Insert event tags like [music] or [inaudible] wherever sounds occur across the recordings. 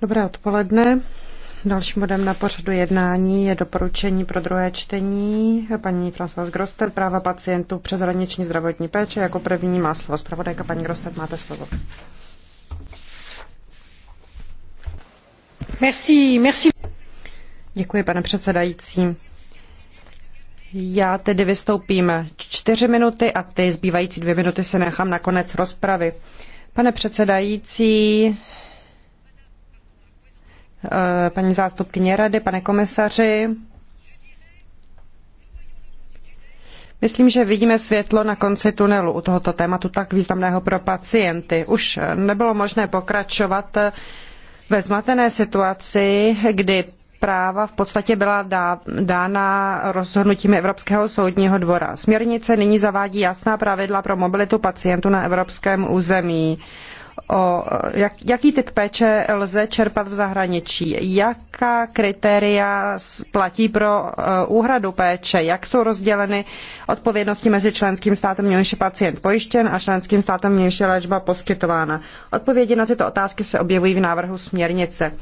Dobré odpoledne. Dalším bodem na pořadu jednání je doporučení pro druhé čtení. Paní François Groster, práva pacientů přes hraniční zdravotní péče. Jako první má slovo zpravodajka. Paní Groster, máte slovo. Merci, merci. Děkuji, pane předsedající já tedy vystoupím čtyři minuty a ty zbývající dvě minuty se nechám na konec rozpravy. Pane předsedající, eh, paní zástupkyně rady, pane komisaři, Myslím, že vidíme světlo na konci tunelu u tohoto tématu tak významného pro pacienty. Už nebylo možné pokračovat eh, ve zmatené situaci, kdy práva v podstatě byla dána rozhodnutím Evropského soudního dvora. Směrnice nyní zavádí jasná pravidla pro mobilitu pacientů na evropském území. O, jak, jaký typ péče lze čerpat v zahraničí, jaká kritéria platí pro uh, úhradu péče, jak jsou rozděleny odpovědnosti mezi členským státem, v němž je pacient pojištěn a členským státem, v němž je léčba poskytována. Odpovědi na tyto otázky se objevují v návrhu směrnice.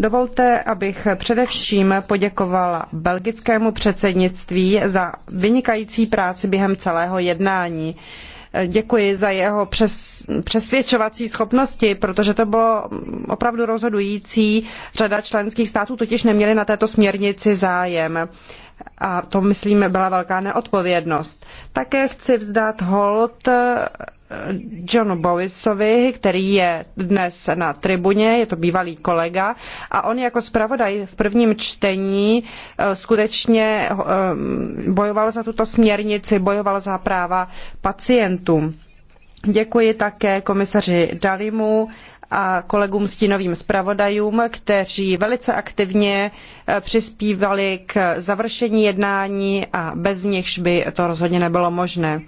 Dovolte, abych především poděkovala belgickému předsednictví za vynikající práci během celého jednání. Děkuji za jeho přes, přesvědčovací schopnosti, protože to bylo opravdu rozhodující. Řada členských států totiž neměla na této směrnici zájem. A to, myslím, byla velká neodpovědnost. Také chci vzdát hold Johnu Bowisovi, který je dnes na tribuně, je to bývalý kolega, a on jako zpravodaj v prvním čtení eh, skutečně eh, bojoval za tuto směrnici, bojoval za práva pacientů. Děkuji také komisaři Dalimu a kolegům stínovým zpravodajům, kteří velice aktivně eh, přispívali k završení jednání a bez nichž by to rozhodně nebylo možné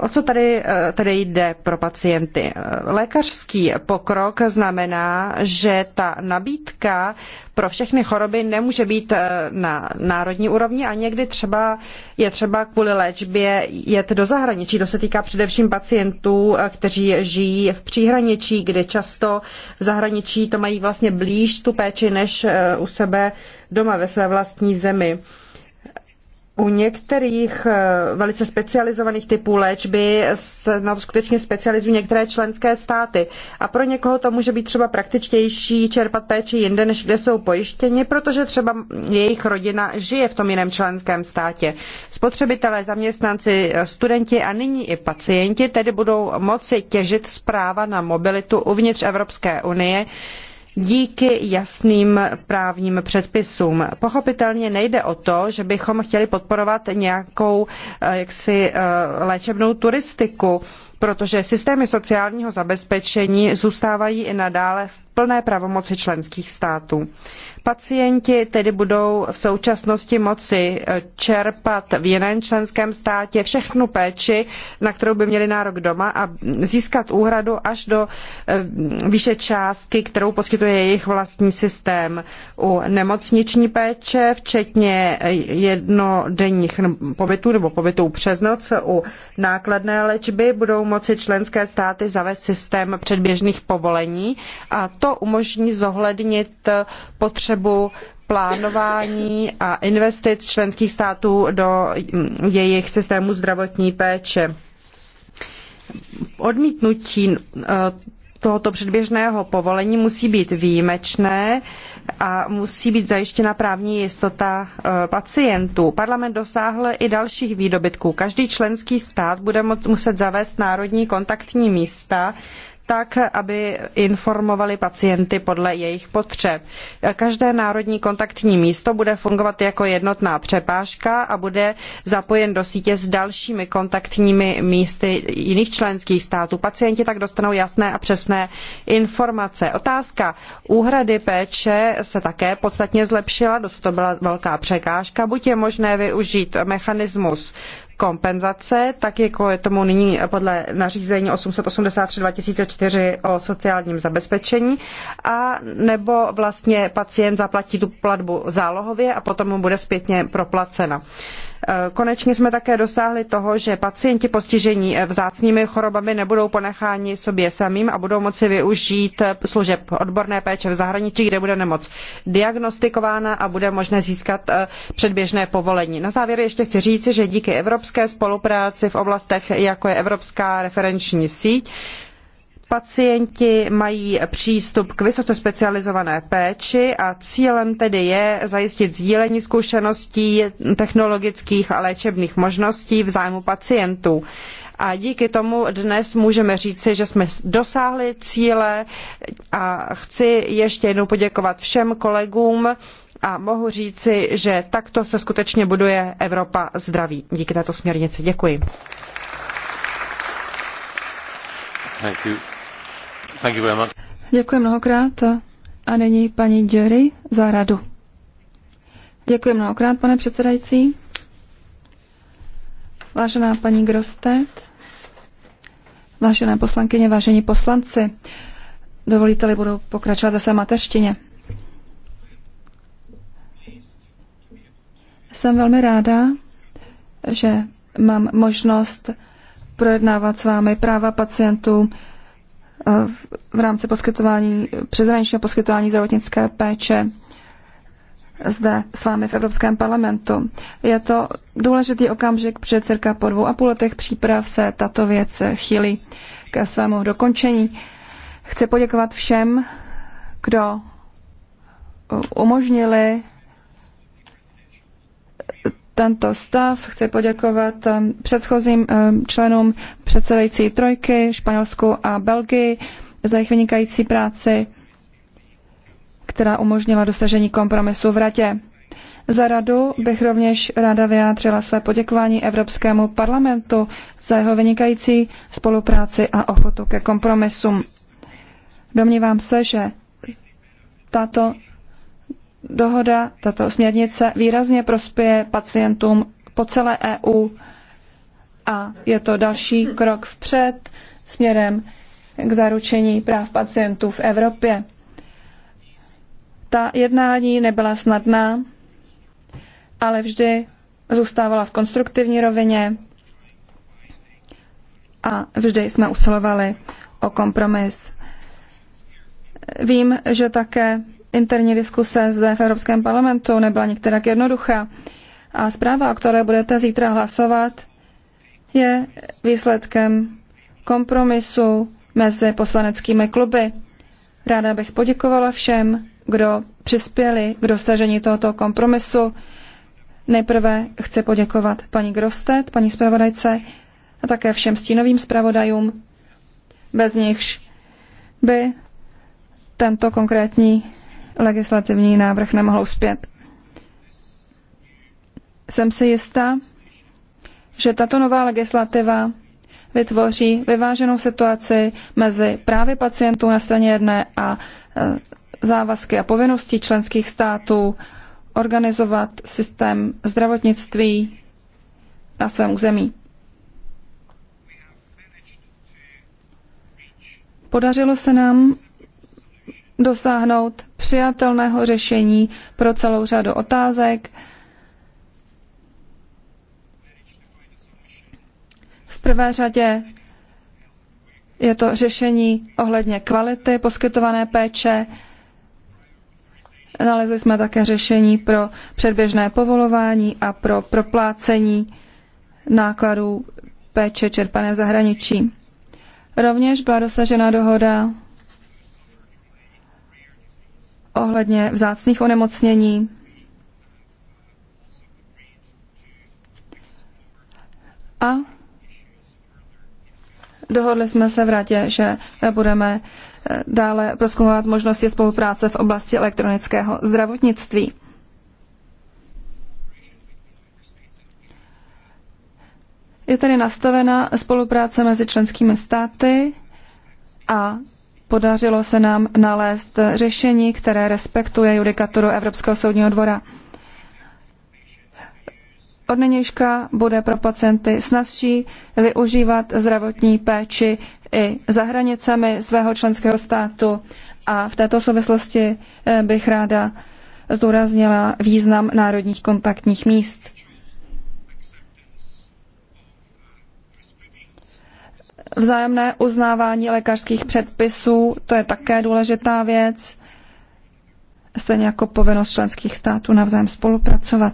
o co tady, e, tady jde pro pacienty? E, lékařský pokrok znamená, že ta nabídka pro všechny choroby nemůže být e, na národní úrovni a někdy třeba je třeba kvůli léčbě jet do zahraničí. To se týká především pacientů, kteří žijí v příhraničí, kde často v zahraničí to mají vlastně blíž tu péči než u sebe doma ve své vlastní zemi u některých eh, velice specializovaných typů léčby se na to skutečně specializují některé členské státy. A pro někoho to může být třeba praktičtější čerpat péči jinde, než kde jsou pojištěni, protože třeba jejich rodina žije v tom jiném členském státě. Spotřebitelé, zaměstnanci, eh, studenti a nyní i pacienti tedy budou moci těžit z práva na mobilitu uvnitř Evropské unie, díky jasným právním předpisům. Pochopitelně nejde o to, že bychom chtěli podporovat nějakou eh, jaksi eh, léčebnou turistiku protože systémy sociálního zabezpečení zůstávají i nadále v plné pravomoci členských států. Pacienti tedy budou v současnosti moci eh, čerpat v jiném členském státě všechnu péči, na kterou by měli nárok doma a získat úhradu až do eh, výše částky, kterou poskytuje jejich vlastní systém. U nemocniční péče, včetně eh, jednodenních pobytů nebo pobytů přes noc, u nákladné léčby budou moci členské státy zavést systém předběžných povolení a to umožní zohlednit potřebu plánování a investic členských států do mm, jejich systému zdravotní péče. Odmítnutí eh, tohoto předběžného povolení musí být výjimečné a musí být zajištěna právní jistota eh, pacientů. Parlament dosáhl i dalších výdobytků. Každý členský stát bude muset zavést národní kontaktní místa, tak, aby informovali pacienty podle jejich potřeb. Každé národní kontaktní místo bude fungovat jako jednotná přepážka a bude zapojen do sítě s dalšími kontaktními místy jiných členských států. Pacienti tak dostanou jasné a přesné informace. Otázka úhrady péče se také podstatně zlepšila, dosud to byla velká překážka. Buď je možné využít mechanismus kompenzace, tak jako je tomu nyní podle nařízení 883-2004 o sociálním zabezpečení, a nebo vlastně pacient zaplatí tu platbu zálohově a potom mu bude zpětně proplacena. Eh, konečně jsme také dosáhli toho, že pacienti postižení eh, vzácnými chorobami nebudou ponecháni sobě samým a budou moci využít eh, služeb odborné péče v zahraničí, kde bude nemoc diagnostikována a bude možné získat předběžné povolení. Na závěr ještě chci říci, že díky evropské spolupráci v oblastech, jako je Evropská referenční síť, Pacienti mají přístup k vysoce specializované péči a cílem tedy je zajistit sdílení zkušeností, technologických a léčebných možností v zájmu pacientů a díky tomu dnes můžeme říci, že jsme dosáhli cíle a chci ještě jednou poděkovat všem kolegům a mohu říci, že takto se skutečně buduje Evropa zdraví. Díky této směrnici. Děkuji. Thank you very much. Děkuji mnohokrát. A nyní paní Jerry za radu. Děkuji mnohokrát, pane předsedající. Vážená paní Grostet, vážené poslankyně, vážení poslanci, dovolíte-li, budu pokračovat zase mateřštině. Jsem velmi ráda, že mám možnost projednávat s vámi práva pacientů, Eh, v rámci poskytování, přezraničního poskytování zdravotnické péče zde s vámi v Evropském parlamentu. Je to důležitý okamžik, protože cirka po dvou a půl letech příprav se tato věc chýlí ke svému dokončení. Chci poděkovat všem, kdo umožnili tento stav. Chci poděkovat um, předchozím um, členům předsedající trojky, Španělsku a Belgii za jejich vynikající práci, která umožnila dosažení kompromisu v Radě. Za radu bych rovněž ráda vyjádřila své poděkování Evropskému parlamentu za jeho vynikající spolupráci a ochotu ke kompromisům. Domnívám se, že tato dohoda, tato směrnice výrazně prospěje pacientům po celé EU a je to další krok vpřed směrem k zaručení práv pacientů v Evropě. Ta jednání nebyla snadná, ale vždy zůstávala v konstruktivní rovině a vždy jsme usilovali o kompromis. Vím, že také interní diskuse zde v Evropském parlamentu nebyla některak jednoduchá. A zpráva, o které budete zítra hlasovat, je výsledkem kompromisu mezi poslaneckými kluby. Ráda bych poděkovala všem, kdo přispěli k dosažení tohoto kompromisu. Nejprve chci poděkovat paní Grostet, paní zpravodajce a také všem stínovým zpravodajům, bez nichž by tento konkrétní legislativní návrh nemohl uspět. Jsem si jistá, že tato nová legislativa vytvoří vyváženou situaci mezi právy pacientů na straně jedné a e, závazky a povinnosti členských států organizovat systém zdravotnictví na svém území. Podařilo se nám dosáhnout přijatelného řešení pro celou řadu otázek. V prvé řadě je to řešení ohledně kvality poskytované péče. Nalezli jsme také řešení pro předběžné povolování a pro proplácení nákladů péče čerpané v zahraničí. Rovněž byla dosažena dohoda ohledně vzácných onemocnění. A dohodli jsme se v radě, že budeme eh, dále proskumovat možnosti spolupráce v oblasti elektronického zdravotnictví. Je tedy nastavena spolupráce mezi členskými státy a Podařilo se nám nalézt řešení, které respektuje judikaturu Evropského soudního dvora. Od nynějška bude pro pacienty snazší využívat zdravotní péči i za hranicemi svého členského státu. A v této souvislosti eh, bych ráda zdůraznila význam národních kontaktních míst. Vzájemné uznávání lékařských předpisů, to je také důležitá věc, stejně jako povinnost členských států navzájem spolupracovat.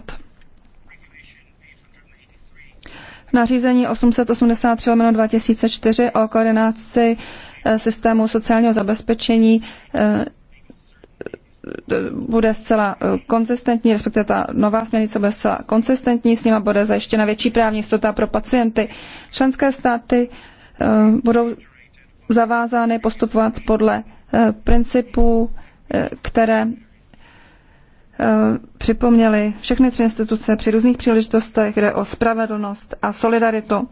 Nařízení 883 2004 o koordinaci eh, systému sociálního zabezpečení eh, bude zcela eh, konzistentní, respektive ta nová směrnice bude zcela konzistentní, s nima bude zajištěna větší právní jistota pro pacienty. Členské státy Eh, budou zavázány postupovat podle eh, principů, eh, které připomněly všechny tři instituce při různých příležitostech, kde o spravedlnost a solidaritu.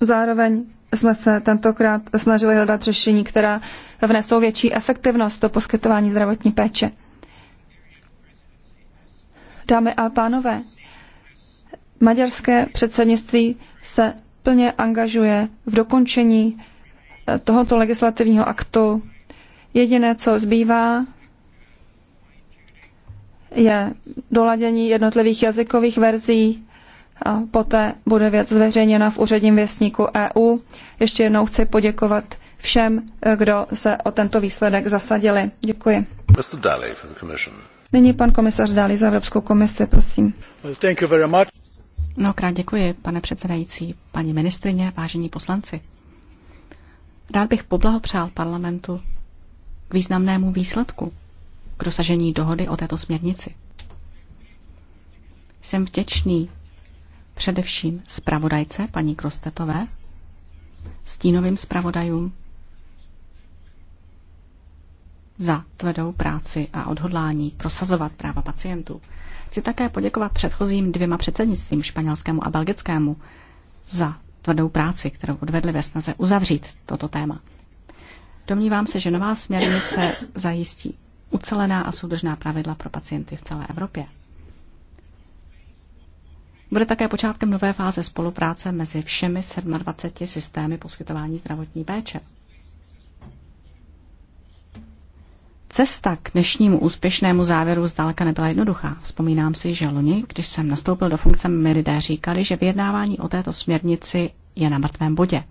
Zároveň jsme se tentokrát snažili hledat řešení, která vnesou větší efektivnost do poskytování zdravotní péče. Dámy a pánové, Maďarské předsednictví se plně angažuje v dokončení eh, tohoto legislativního aktu. Jediné, co zbývá, je doladění jednotlivých jazykových verzí a poté bude věc zveřejněna v úředním věstníku EU. Ještě jednou chci poděkovat všem, eh, kdo se o tento výsledek zasadili. Děkuji. Nyní pan komisař Dali za Evropskou komisi, prosím. Well, Mnohokrát děkuji, pane předsedající, paní ministrině, vážení poslanci. Rád bych poblahopřál parlamentu k významnému výsledku, k dosažení dohody o této směrnici. Jsem vděčný především zpravodajce paní Krostetové, stínovým zpravodajům za tvrdou práci a odhodlání prosazovat práva pacientů. Chci také poděkovat předchozím dvěma předsednictvím, španělskému a belgickému, za tvrdou práci, kterou odvedli ve snaze uzavřít toto téma. Domnívám se, že nová směrnice zajistí ucelená a soudržná pravidla pro pacienty v celé Evropě. Bude také počátkem nové fáze spolupráce mezi všemi 27 systémy poskytování zdravotní péče. Cesta k dnešnímu úspěšnému závěru zdaleka nebyla jednoduchá. Vzpomínám si, že loni, když jsem nastoupil do funkce, mi lidé říkali, že vyjednávání o této směrnici je na mrtvém bodě.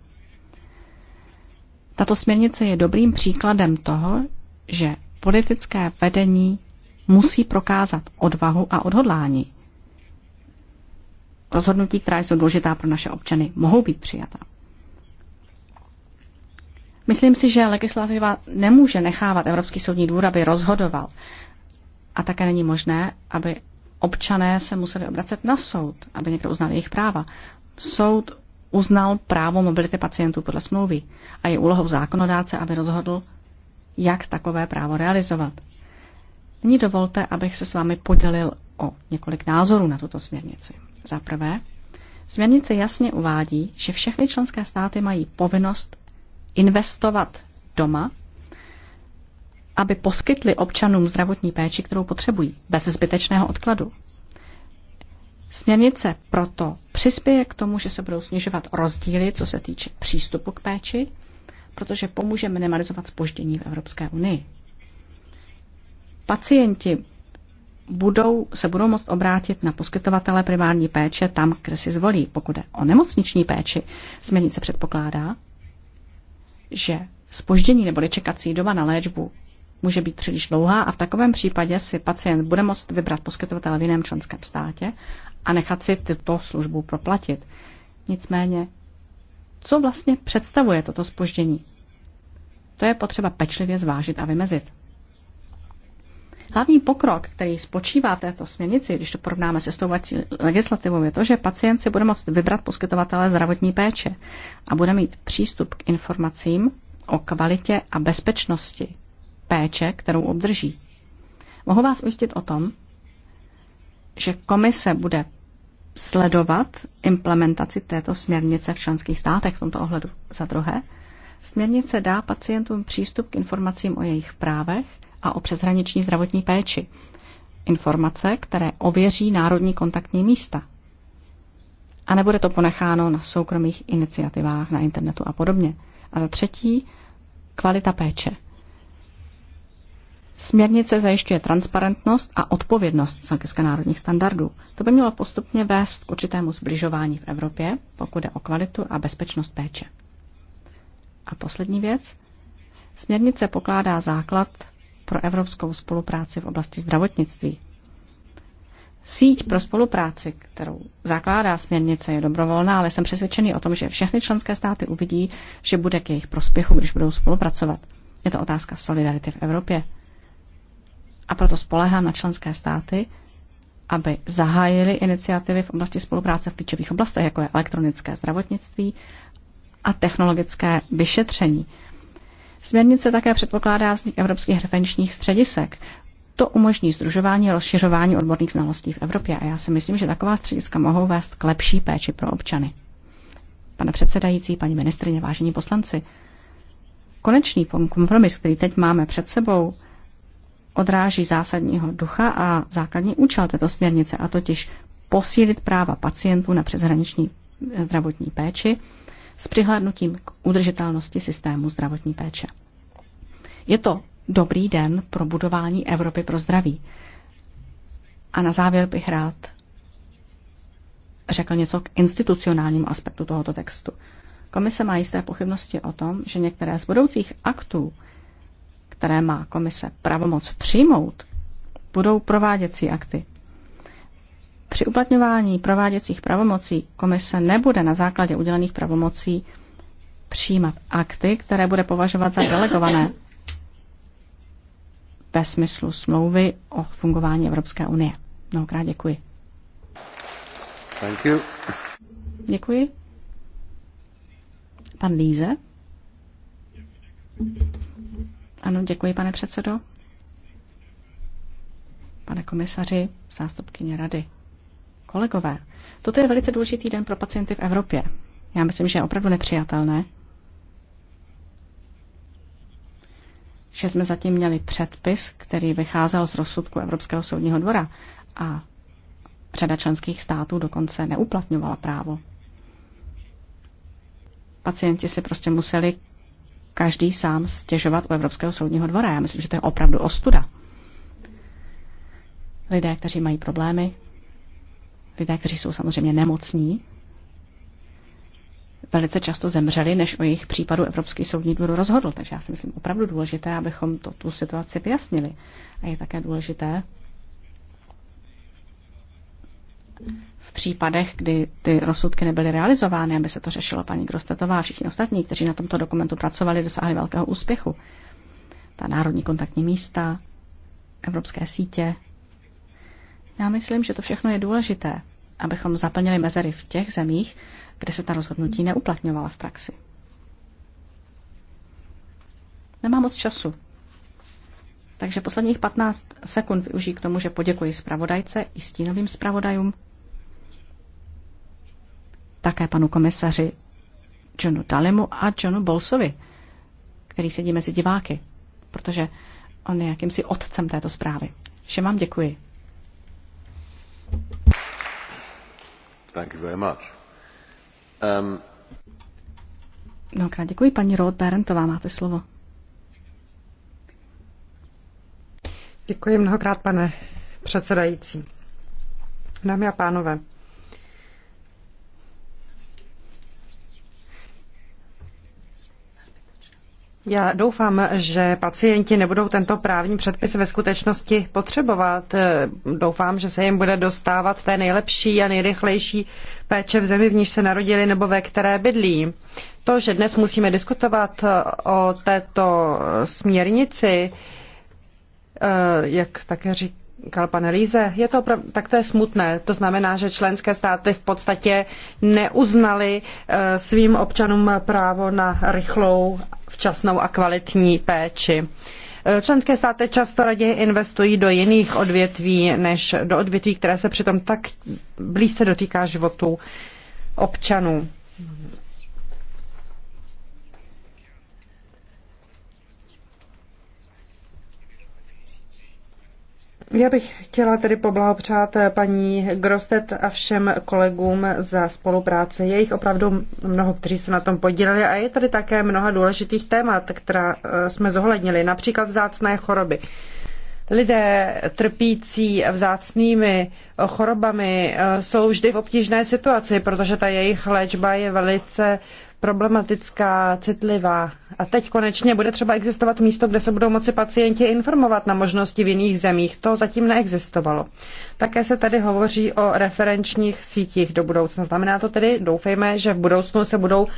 Tato směrnice je dobrým příkladem toho, že politické vedení musí prokázat odvahu a odhodlání. Rozhodnutí, která jsou důležitá pro naše občany, mohou být přijata. Myslím si, že legislativa nemůže nechávat Evropský soudní dvůr, aby rozhodoval. A také není možné, aby občané se museli obracet na soud, aby někdo uznal jejich práva. Soud uznal právo mobility pacientů podle smlouvy a je úlohou zákonodáce, aby rozhodl, jak takové právo realizovat. Nyní dovolte, abych se s vámi podělil o několik názorů na tuto směrnici. Za prvé, směrnice jasně uvádí, že všechny členské státy mají povinnost investovat doma, aby poskytli občanům zdravotní péči, kterou potřebují, bez zbytečného odkladu. Směrnice proto přispěje k tomu, že se budou snižovat rozdíly, co se týče přístupu k péči, protože pomůže minimalizovat spoždění v Evropské unii. Pacienti budou, se budou moct obrátit na poskytovatele primární péče tam, kde si zvolí. Pokud je o nemocniční péči, směrnice předpokládá, že spoždění nebo čekací doba na léčbu může být příliš dlouhá a v takovém případě si pacient bude moct vybrat poskytovatele v jiném členském státě a nechat si tyto službu proplatit. Nicméně, co vlastně představuje toto spoždění? To je potřeba pečlivě zvážit a vymezit. Hlavní pokrok, který spočívá v této směrnici, když to porovnáme se stouvací legislativou, je to, že pacient si bude moct vybrat poskytovatele zdravotní péče a bude mít přístup k informacím o kvalitě a bezpečnosti péče, kterou obdrží. Mohu vás ujistit o tom, že komise bude sledovat implementaci této směrnice v členských státech v tomto ohledu. Za druhé, směrnice dá pacientům přístup k informacím o jejich právech a o přeshraniční zdravotní péči. Informace, které ověří národní kontaktní místa. A nebude to ponecháno na soukromých iniciativách na internetu a podobně. A za třetí, kvalita péče. Směrnice zajišťuje transparentnost a odpovědnost z hlediska národních standardů. To by mělo postupně vést k určitému zbližování v Evropě, pokud jde o kvalitu a bezpečnost péče. A poslední věc. Směrnice pokládá základ pro evropskou spolupráci v oblasti zdravotnictví. Síť pro spolupráci, kterou zakládá směrnice, je dobrovolná, ale jsem přesvědčený o tom, že všechny členské státy uvidí, že bude k jejich prospěchu, když budou spolupracovat. Je to otázka solidarity v Evropě. A proto spolehám na členské státy, aby zahájili iniciativy v oblasti spolupráce v klíčových oblastech, jako je elektronické zdravotnictví a technologické vyšetření. Směrnice také předpokládá vznik evropských referenčních středisek. To umožní združování a rozšiřování odborných znalostí v Evropě a já si myslím, že taková střediska mohou vést k lepší péči pro občany. Pane předsedající, paní ministrině, vážení poslanci, konečný kompromis, který teď máme před sebou, odráží zásadního ducha a základní účel této směrnice, a totiž posílit práva pacientů na přeshraniční zdravotní péči s přihlédnutím k udržitelnosti systému zdravotní péče. Je to dobrý den pro budování Evropy pro zdraví. A na závěr bych rád řekl něco k institucionálnímu aspektu tohoto textu. Komise má jisté pochybnosti o tom, že některé z budoucích aktů, které má komise pravomoc přijmout, budou prováděcí akty. Při uplatňování prováděcích pravomocí komise nebude na základě udělených pravomocí přijímat akty, které bude považovat za delegované ve smyslu smlouvy o fungování Evropské unie. Mnohokrát děkuji. Thank you. Děkuji. Pan Líze. Ano, děkuji, pane předsedo. Pane komisaři, zástupkyně rady. Kolegové, toto je velice důležitý den pro pacienty v Evropě. Já myslím, že je opravdu nepřijatelné, že jsme zatím měli předpis, který vycházel z rozsudku Evropského soudního dvora a řada členských států dokonce neuplatňovala právo. Pacienti si prostě museli každý sám stěžovat u Evropského soudního dvora. Já myslím, že to je opravdu ostuda. Lidé, kteří mají problémy, lidé, kteří jsou samozřejmě nemocní, velice často zemřeli, než o jejich případu Evropský soudní dvůr rozhodl. Takže já si myslím opravdu důležité, abychom to, tu situaci vyjasnili. A je také důležité v případech, kdy ty rozsudky nebyly realizovány, aby se to řešilo paní Grostetová a všichni ostatní, kteří na tomto dokumentu pracovali, dosáhli velkého úspěchu. Ta národní kontaktní místa, evropské sítě, já myslím, že to všechno je důležité, abychom zaplnili mezery v těch zemích, kde se ta rozhodnutí neuplatňovala v praxi. Nemám moc času. Takže posledních 15 sekund využij k tomu, že poděkuji zpravodajce i stínovým zpravodajům, také panu komisaři Johnu Dalimu a Johnu Bolsovi, který sedí mezi diváky, protože on je jakýmsi otcem této zprávy. Všem vám děkuji. Um, mnohokrát děkuji. Paní Roth Berentová, máte slovo. Děkuji mnohokrát, pane předsedající. Dámy a pánové, Já doufám, že pacienti nebudou tento právní předpis ve skutečnosti potřebovat. Doufám, že se jim bude dostávat té nejlepší a nejrychlejší péče v zemi, v níž se narodili nebo ve které bydlí. To, že dnes musíme diskutovat o této směrnici, eh, jak také říká, říkal pan Líze, je to opravdu, tak to je smutné. To znamená, že členské státy v podstatě neuznaly eh, svým občanům právo na rychlou, včasnou a kvalitní péči. Eh, členské státy často raději investují do jiných odvětví, než do odvětví, které se přitom tak blízce dotýká životu občanů. Já bych chtěla tedy poblahopřát eh, paní Grostet a všem kolegům za spolupráci. Je jich opravdu mnoho, kteří se na tom podíleli a je tady také mnoha důležitých témat, která eh, jsme zohlednili, například vzácné choroby. Lidé trpící vzácnými eh, chorobami jsou vždy v obtížné situaci, protože ta jejich léčba je velice problematická, citlivá. A teď konečně bude třeba existovat místo, kde se budou moci pacienti informovat na možnosti v jiných zemích. To zatím neexistovalo. Také se tady hovoří o referenčních sítích do budoucna. Znamená to tedy, doufejme, že v budoucnu se budou uh,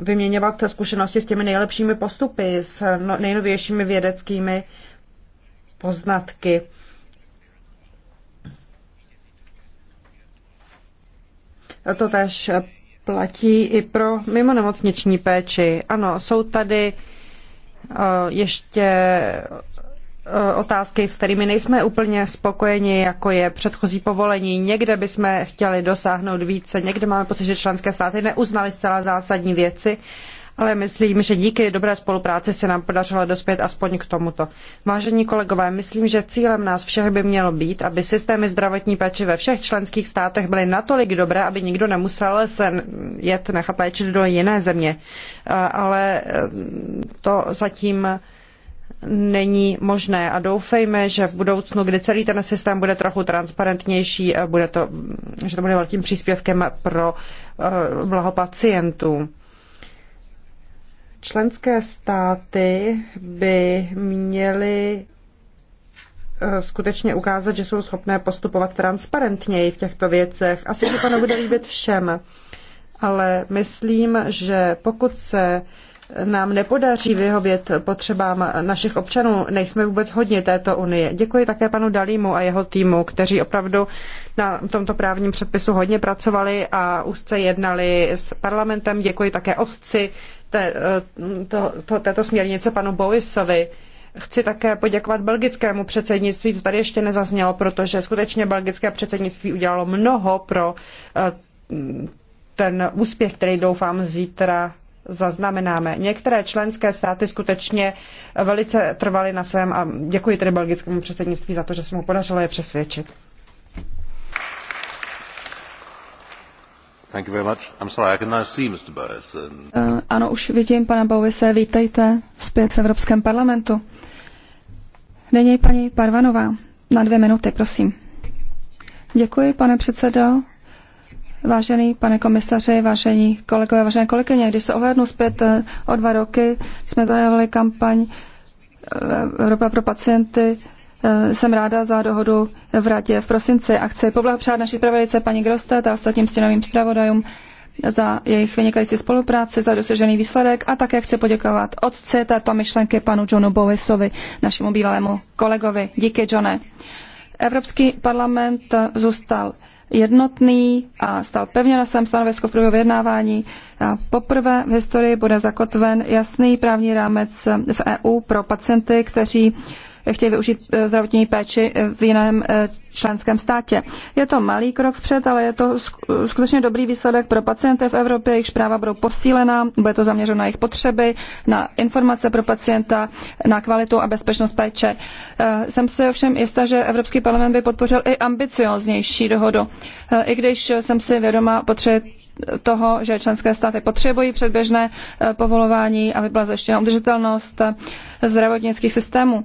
vyměňovat zkušenosti s těmi nejlepšími postupy, s no, nejnovějšími vědeckými poznatky. To tež platí i pro mimo nemocniční péči. Ano, jsou tady eh, ještě eh, otázky, s kterými nejsme úplně spokojeni, jako je předchozí povolení. Někde bychom chtěli dosáhnout více, někde máme pocit, že členské státy neuznaly zcela zásadní věci ale myslím, že díky dobré spolupráci se nám podařilo dospět aspoň k tomuto. Vážení kolegové, myslím, že cílem nás všech by mělo být, aby systémy zdravotní péče ve všech členských státech byly natolik dobré, aby nikdo nemusel se jet nechat léčit do jiné země. Ale e, to zatím není možné a doufejme, že v budoucnu, kdy celý ten systém bude trochu transparentnější, e, bude to, že to bude velkým příspěvkem pro e, blaho pacientů. Členské státy by měly eh, skutečně ukázat, že jsou schopné postupovat transparentněji v těchto věcech. Asi se to nebude líbit všem, ale myslím, že pokud se nám nepodaří vyhovět potřebám našich občanů, nejsme vůbec hodně této unie. Děkuji také panu Dalímu a jeho týmu, kteří opravdu na tomto právním předpisu hodně pracovali a úzce jednali s parlamentem. Děkuji také otci té, eh, to, to, této směrnice panu Bowisovi. Chci také poděkovat belgickému předsednictví, to tady ještě nezaznělo, protože skutečně belgické předsednictví udělalo mnoho pro eh, ten úspěch, který doufám zítra zaznamenáme. Některé členské státy skutečně velice trvaly na svém a děkuji tedy belgickému předsednictví za to, že se mu podařilo je přesvědčit. ano, už vidím pana Bowise. Vítejte zpět v Evropském parlamentu. Nyní paní Parvanová. Na dvě minuty, prosím. Děkuji, pane předsedo. Vážený pane komisaři, vážení kolegové, vážené kolegyně, když se ohlédnu zpět eh, o dva roky, jsme zahájili kampaň eh, Evropa pro pacienty, Eh, jsem ráda za dohodu v Radě v prosinci a chci poblahopřát naší zpravodajce paní Grostet a ostatním stěnovým zpravodajům za jejich vynikající spolupráci, za dosažený výsledek a také chci poděkovat otci této myšlenky panu Johnu Bowisovi, našemu bývalému kolegovi. Díky, Johne. Evropský parlament zůstal jednotný a stal pevně na svém stanovisku v průběhu vyjednávání. Poprvé v historii bude zakotven jasný právní rámec v EU pro pacienty, kteří chtějí využít eh, zdravotní péči eh, v jiném eh, členském státě. Je to malý krok vpřed, ale je to skutečně dobrý výsledek pro pacienty v Evropě, jejichž práva budou posílena, bude to zaměřeno na jejich potřeby, na informace pro pacienta, na kvalitu a bezpečnost péče. Jsem si ovšem jistá, že Evropský parlament by podpořil i ambicioznější dohodu, i když jsem si vědoma potřeby toho, že členské státy potřebují předběžné povolování, aby byla zajištěna udržitelnost zdravotnických systémů.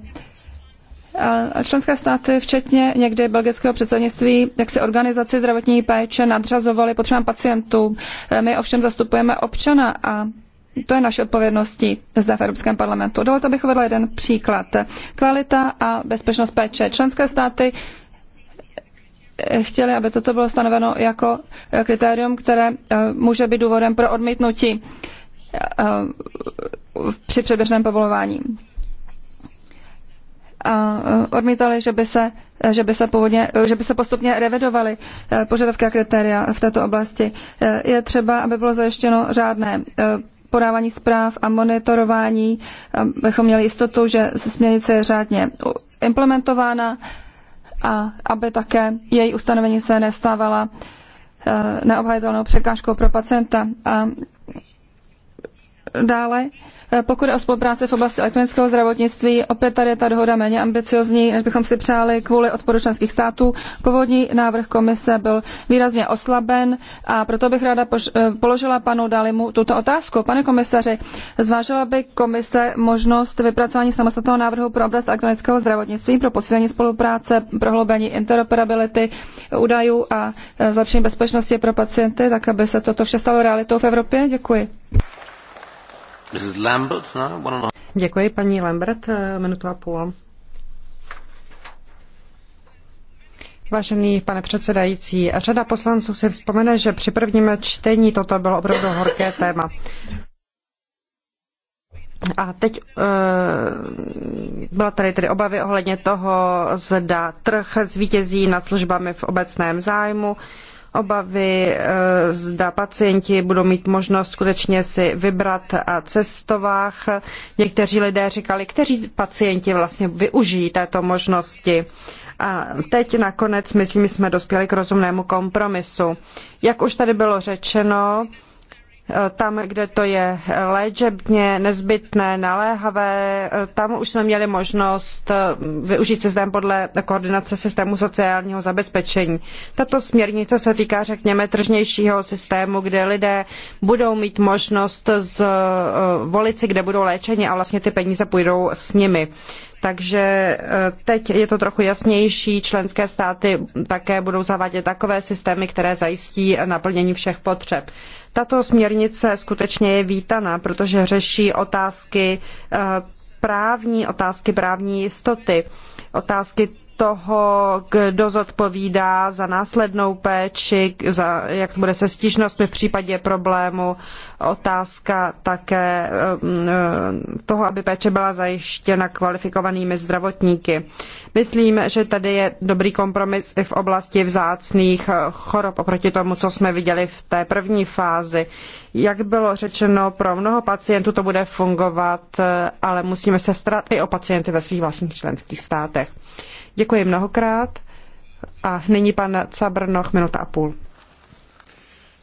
Členské státy, včetně někdy belgického předsednictví, jak si organizaci zdravotní péče nadřazovaly potřebám pacientů. E, my ovšem zastupujeme občana a to je naše odpovědností zde v Evropském parlamentu. Dovolte, abych uvedla jeden příklad. Kvalita a bezpečnost péče. Členské státy e, chtěli, aby toto bylo stanoveno jako e, kritérium, které může být důvodem pro odmítnutí při předběžném povolování a e, odmítali, že by se, e, že by se, původně, e, že by se postupně revidovaly požadavky a kritéria v této oblasti. Je třeba, aby bylo zajištěno řádné podávání zpráv a monitorování, abychom měli jistotu, že směrnice je řádně implementována a aby také její ustanovení se nestávala neobhajitelnou překážkou pro pacienta. A Dále, pokud jde o spolupráci v oblasti elektronického zdravotnictví, opět tady je ta dohoda méně ambiciozní, než bychom si přáli kvůli odporu členských států. Původní návrh komise byl výrazně oslaben a proto bych ráda eh, položila panu Dalimu tuto otázku. Pane komisaři, zvážila by komise možnost vypracování samostatného návrhu pro oblast elektronického zdravotnictví pro posílení spolupráce, prohloubení interoperability údajů a eh, zlepšení bezpečnosti pro pacienty, tak aby se toto vše stalo realitou v Evropě? Děkuji. Mrs. Lambert, no? one and a... Děkuji, paní Lambert, eh, minutu a půl. Vážený pane předsedající, řada poslanců si vzpomene, že při prvním čtení toto bylo opravdu horké téma. A teď eh, byla tady tedy obavy ohledně toho, zda trh zvítězí nad službami v obecném zájmu. E, obavy, eh, zda pacienti budou mít možnost skutečně si vybrat a cestovách. Někteří lidé říkali, kteří pacienti vlastně využijí této možnosti. A teď nakonec, myslím, jsme dospěli k rozumnému kompromisu. Jak už tady bylo řečeno, tam, kde to je léčebně nezbytné, naléhavé, tam už jsme měli možnost eh, využít systém podle koordinace systému sociálního zabezpečení. Tato směrnice se týká, řekněme, tržnějšího systému, kde lidé budou mít možnost z, eh, volit si, kde budou léčeni a vlastně ty peníze půjdou s nimi. Takže eh, teď je to trochu jasnější. Členské státy také budou zavádět takové systémy, které zajistí naplnění všech potřeb. Tato směrnice skutečně je vítaná, protože řeší otázky eh, právní, otázky právní jistoty, otázky toho, kdo zodpovídá za následnou péči, za, jak bude se stížnostmi v případě problému, otázka také um, eh, toho, aby péče byla zajištěna kvalifikovanými zdravotníky. Myslím, že tady je dobrý kompromis i v oblasti vzácných eh, chorob oproti tomu, co jsme viděli v té první fázi. Jak bylo řečeno, pro mnoho pacientů to bude fungovat, eh, ale musíme se starat i o pacienty ve svých vlastních členských státech. Děkuji mnohokrát a nyní pan Cabrnoch minuta a půl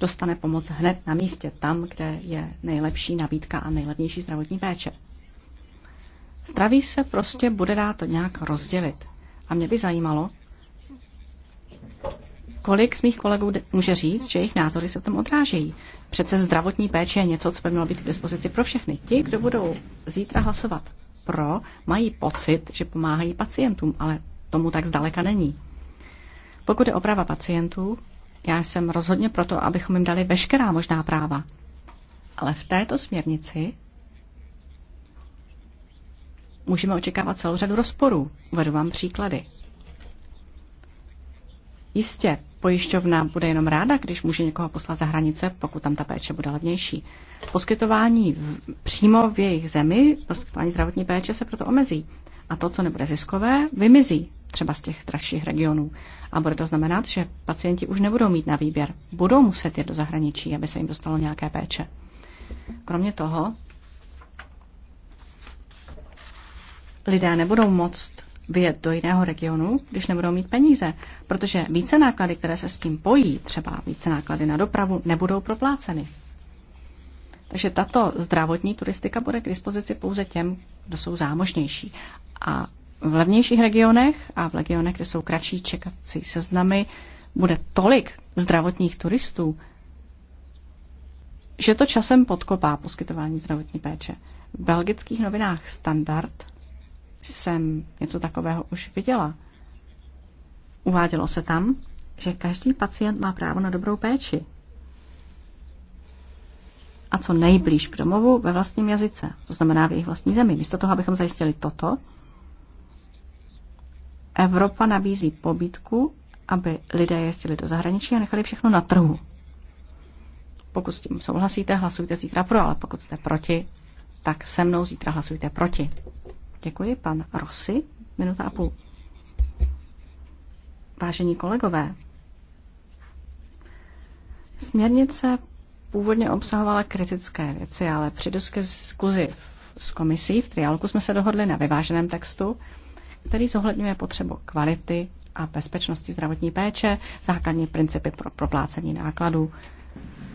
dostane pomoc hned na místě, tam, kde je nejlepší nabídka a nejlevnější zdravotní péče. Zdraví se prostě bude dát nějak rozdělit. A mě by zajímalo, kolik z mých kolegů může říct, že jejich názory se v tom odrážejí. Přece zdravotní péče je něco, co by mělo být k dispozici pro všechny. Ti, kdo budou zítra hlasovat pro, mají pocit, že pomáhají pacientům, ale tomu tak zdaleka není. Pokud je oprava pacientů, já jsem rozhodně proto, abychom jim dali veškerá možná práva. Ale v této směrnici můžeme očekávat celou řadu rozporů. Uvedu vám příklady. Jistě, pojišťovna bude jenom ráda, když může někoho poslat za hranice, pokud tam ta péče bude levnější. Poskytování v, přímo v jejich zemi, poskytování zdravotní péče se proto omezí. A to, co nebude ziskové, vymizí třeba z těch dražších regionů. A bude to znamenat, že pacienti už nebudou mít na výběr. Budou muset jít do zahraničí, aby se jim dostalo nějaké péče. Kromě toho, lidé nebudou moct vyjet do jiného regionu, když nebudou mít peníze, protože více náklady, které se s tím pojí, třeba více náklady na dopravu, nebudou propláceny. Takže tato zdravotní turistika bude k dispozici pouze těm, kdo jsou zámožnější. A v levnějších regionech a v regionech, kde jsou kratší čekací seznamy, bude tolik zdravotních turistů, že to časem podkopá poskytování zdravotní péče. V belgických novinách Standard jsem něco takového už viděla. Uvádělo se tam, že každý pacient má právo na dobrou péči. A co nejblíž k domovu ve vlastním jazyce, to znamená v jejich vlastní zemi. Místo toho, abychom zajistili toto, Evropa nabízí pobytku, aby lidé jezdili do zahraničí a nechali všechno na trhu. Pokud s tím souhlasíte, hlasujte zítra pro, ale pokud jste proti, tak se mnou zítra hlasujte proti. Děkuji, pan Rossi, minuta a půl. Vážení kolegové, směrnice původně obsahovala kritické věci, ale při diskuzi s komisí v triálku jsme se dohodli na vyváženém textu, který zohledňuje potřebu kvality a bezpečnosti zdravotní péče, základní principy pro proplácení nákladů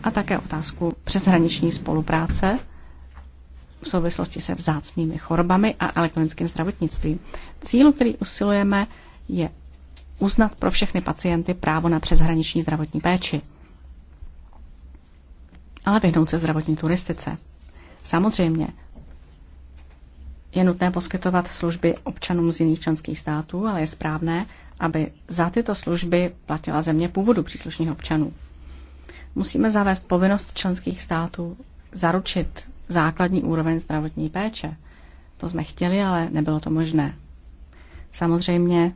a také otázku přeshraniční spolupráce v souvislosti se vzácnými chorobami a elektronickým zdravotnictvím. Cíl, který usilujeme, je uznat pro všechny pacienty právo na přeshraniční zdravotní péči, ale vyhnout se zdravotní turistice. Samozřejmě, je nutné poskytovat služby občanům z jiných členských států, ale je správné, aby za tyto služby platila země původu příslušných občanů. Musíme zavést povinnost členských států zaručit základní úroveň zdravotní péče. To jsme chtěli, ale nebylo to možné. Samozřejmě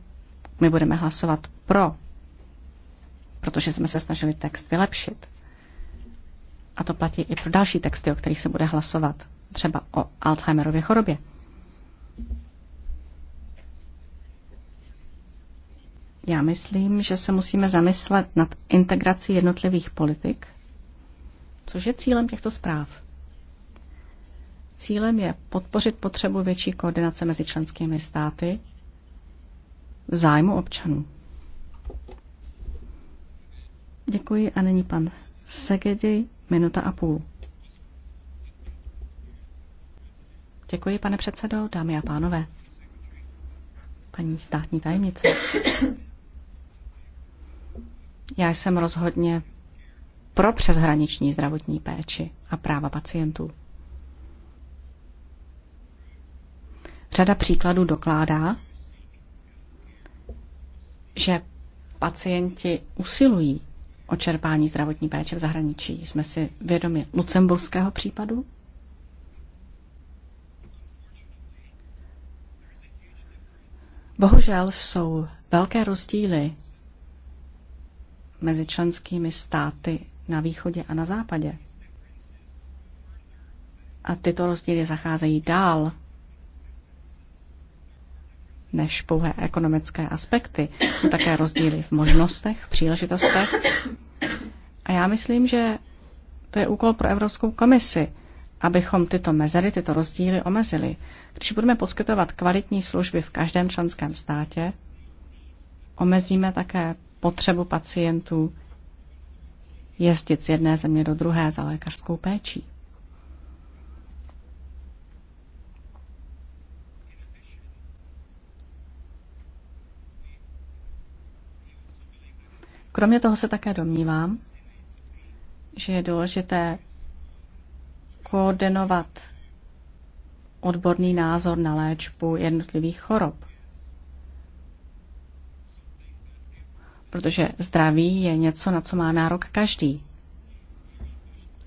my budeme hlasovat pro, protože jsme se snažili text vylepšit. A to platí i pro další texty, o kterých se bude hlasovat, třeba o Alzheimerově chorobě. Já myslím, že se musíme zamyslet nad integrací jednotlivých politik, což je cílem těchto zpráv. Cílem je podpořit potřebu větší koordinace mezi členskými státy v zájmu občanů. Děkuji a není pan Segedy minuta a půl. Děkuji, pane předsedo, dámy a pánové. Paní státní tajemnice. Já jsem rozhodně pro přeshraniční zdravotní péči a práva pacientů. Řada příkladů dokládá, že pacienti usilují o čerpání zdravotní péče v zahraničí. Jsme si vědomi lucemburského případu. Bohužel jsou velké rozdíly mezi členskými státy na východě a na západě. A tyto rozdíly zacházejí dál než pouhé ekonomické aspekty. Jsou také rozdíly v možnostech, v příležitostech. A já myslím, že to je úkol pro Evropskou komisi, abychom tyto mezery, tyto rozdíly omezili. Když budeme poskytovat kvalitní služby v každém členském státě, omezíme také potřebu pacientů jezdit z jedné země do druhé za lékařskou péčí. Kromě toho se také domnívám, že je důležité koordinovat odborný názor na léčbu jednotlivých chorob. protože zdraví je něco, na co má nárok každý.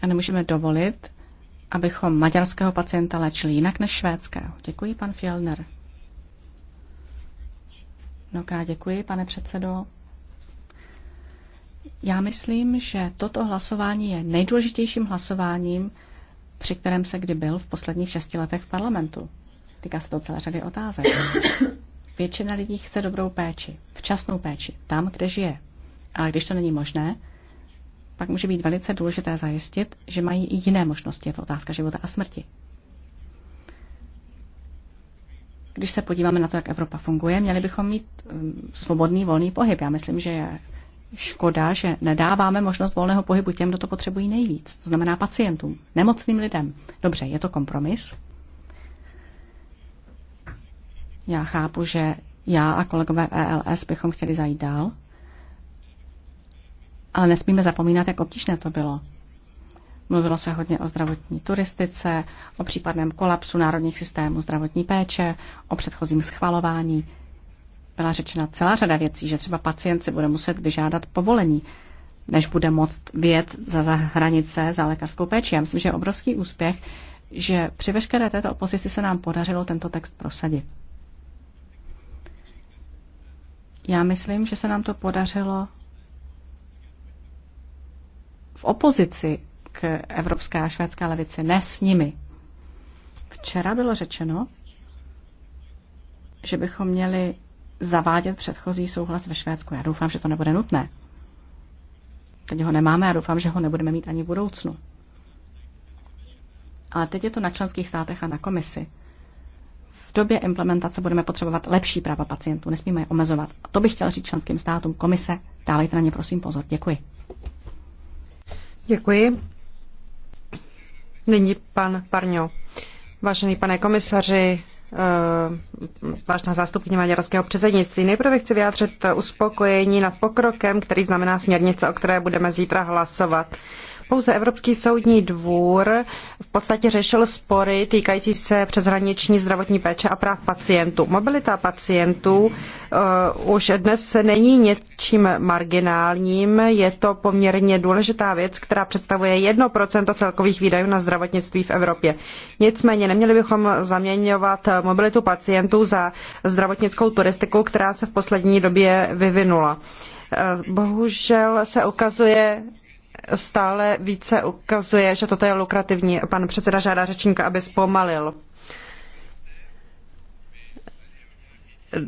A nemůžeme dovolit, abychom maďarského pacienta léčili jinak než švédského. Děkuji, pan Fjellner. krát děkuji, pane předsedo. Já myslím, že toto hlasování je nejdůležitějším hlasováním, při kterém se kdy byl v posledních šesti letech v parlamentu. Týká se to celé řady otázek. Většina lidí chce dobrou péči, včasnou péči, tam, kde žije. Ale když to není možné, pak může být velice důležité zajistit, že mají i jiné možnosti. Je to otázka života a smrti. Když se podíváme na to, jak Evropa funguje, měli bychom mít um, svobodný volný pohyb. Já myslím, že je škoda, že nedáváme možnost volného pohybu těm, kdo to potřebují nejvíc. To znamená pacientům, nemocným lidem. Dobře, je to kompromis, já chápu, že já a kolegové v ELS bychom chtěli zajít dál, ale nesmíme zapomínat, jak obtížné to bylo. Mluvilo se hodně o zdravotní turistice, o případném kolapsu národních systémů zdravotní péče, o předchozím schvalování. Byla řečena celá řada věcí, že třeba pacient si bude muset vyžádat povolení, než bude moct vět za, za hranice za lékařskou péči. Já myslím, že je obrovský úspěch, že při veškeré této opozici se nám podařilo tento text prosadit. Já myslím, že se nám to podařilo v opozici k evropské a švédské levici, ne s nimi. Včera bylo řečeno, že bychom měli zavádět předchozí souhlas ve Švédsku. Já doufám, že to nebude nutné. Teď ho nemáme a doufám, že ho nebudeme mít ani v budoucnu. Ale teď je to na členských státech a na komisi v době implementace budeme potřebovat lepší práva pacientů, nesmíme je omezovat. A to bych chtěl říct členským státům komise. Dávejte na ně prosím pozor. Děkuji. Děkuji. Nyní pan Parňo. Vážený pane komisaři, eh, vážná zástupkyně maďarského předsednictví. Nejprve chci vyjádřit uspokojení nad pokrokem, který znamená směrnice, o které budeme zítra hlasovat. Pouze Evropský soudní dvůr v podstatě řešil spory týkající se přeshraniční zdravotní péče a práv pacientů. Mobilita pacientů uh, už dnes není něčím marginálním, je to poměrně důležitá věc, která představuje 1% celkových výdajů na zdravotnictví v Evropě. Nicméně neměli bychom zaměňovat mobilitu pacientů za zdravotnickou turistiku, která se v poslední době vyvinula. Eh, bohužel se ukazuje, stále více ukazuje, že toto je lukrativní. Pan předseda žádá řečníka, aby zpomalil.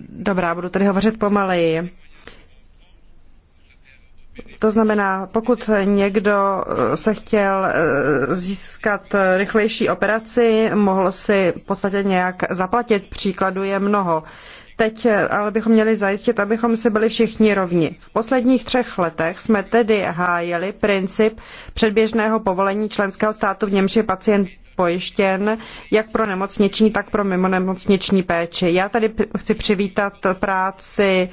Dobrá, budu tedy hovořit pomaleji. To znamená, pokud někdo se chtěl eh, získat rychlejší operaci, mohl si v podstatě nějak zaplatit. Příkladů je mnoho. Teď eh, ale bychom měli zajistit, abychom si byli všichni rovni. V posledních třech letech jsme tedy hájili princip předběžného povolení členského státu, v němž je pacient pojištěn jak pro nemocniční, tak pro mimonemocniční péči. Já tady chci přivítat práci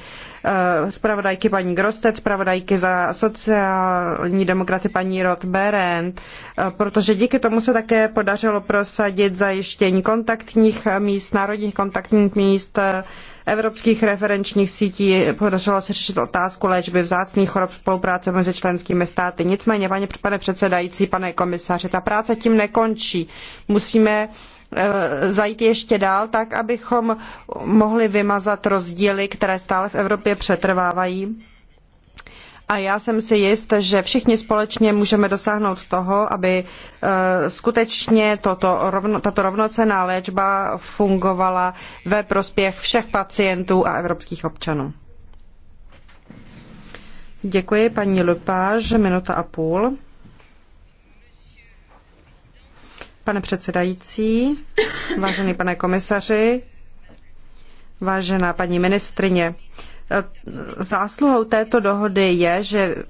eh, zpravodajky paní Grostec, zpravodajky za sociální demokraty paní Roth Berend, eh, protože díky tomu se také podařilo prosadit zajištění kontaktních míst, národních kontaktních míst, evropských referenčních sítí podařilo se řešit otázku léčby vzácných chorob spolupráce mezi členskými státy. Nicméně, pane předsedající, pane komisaři, ta práce tím nekončí. Musíme eh, zajít ještě dál, tak abychom mohli vymazat rozdíly, které stále v Evropě přetrvávají a já jsem si jist, že všichni společně můžeme dosáhnout toho, aby eh, skutečně toto, tato rovnocenná léčba fungovala ve prospěch všech pacientů a evropských občanů. Děkuji, paní Lupáž, minuta a půl. Pane předsedající, vážený pane komisaři, vážená paní ministrině, Zásluhou této dohody je, že eh,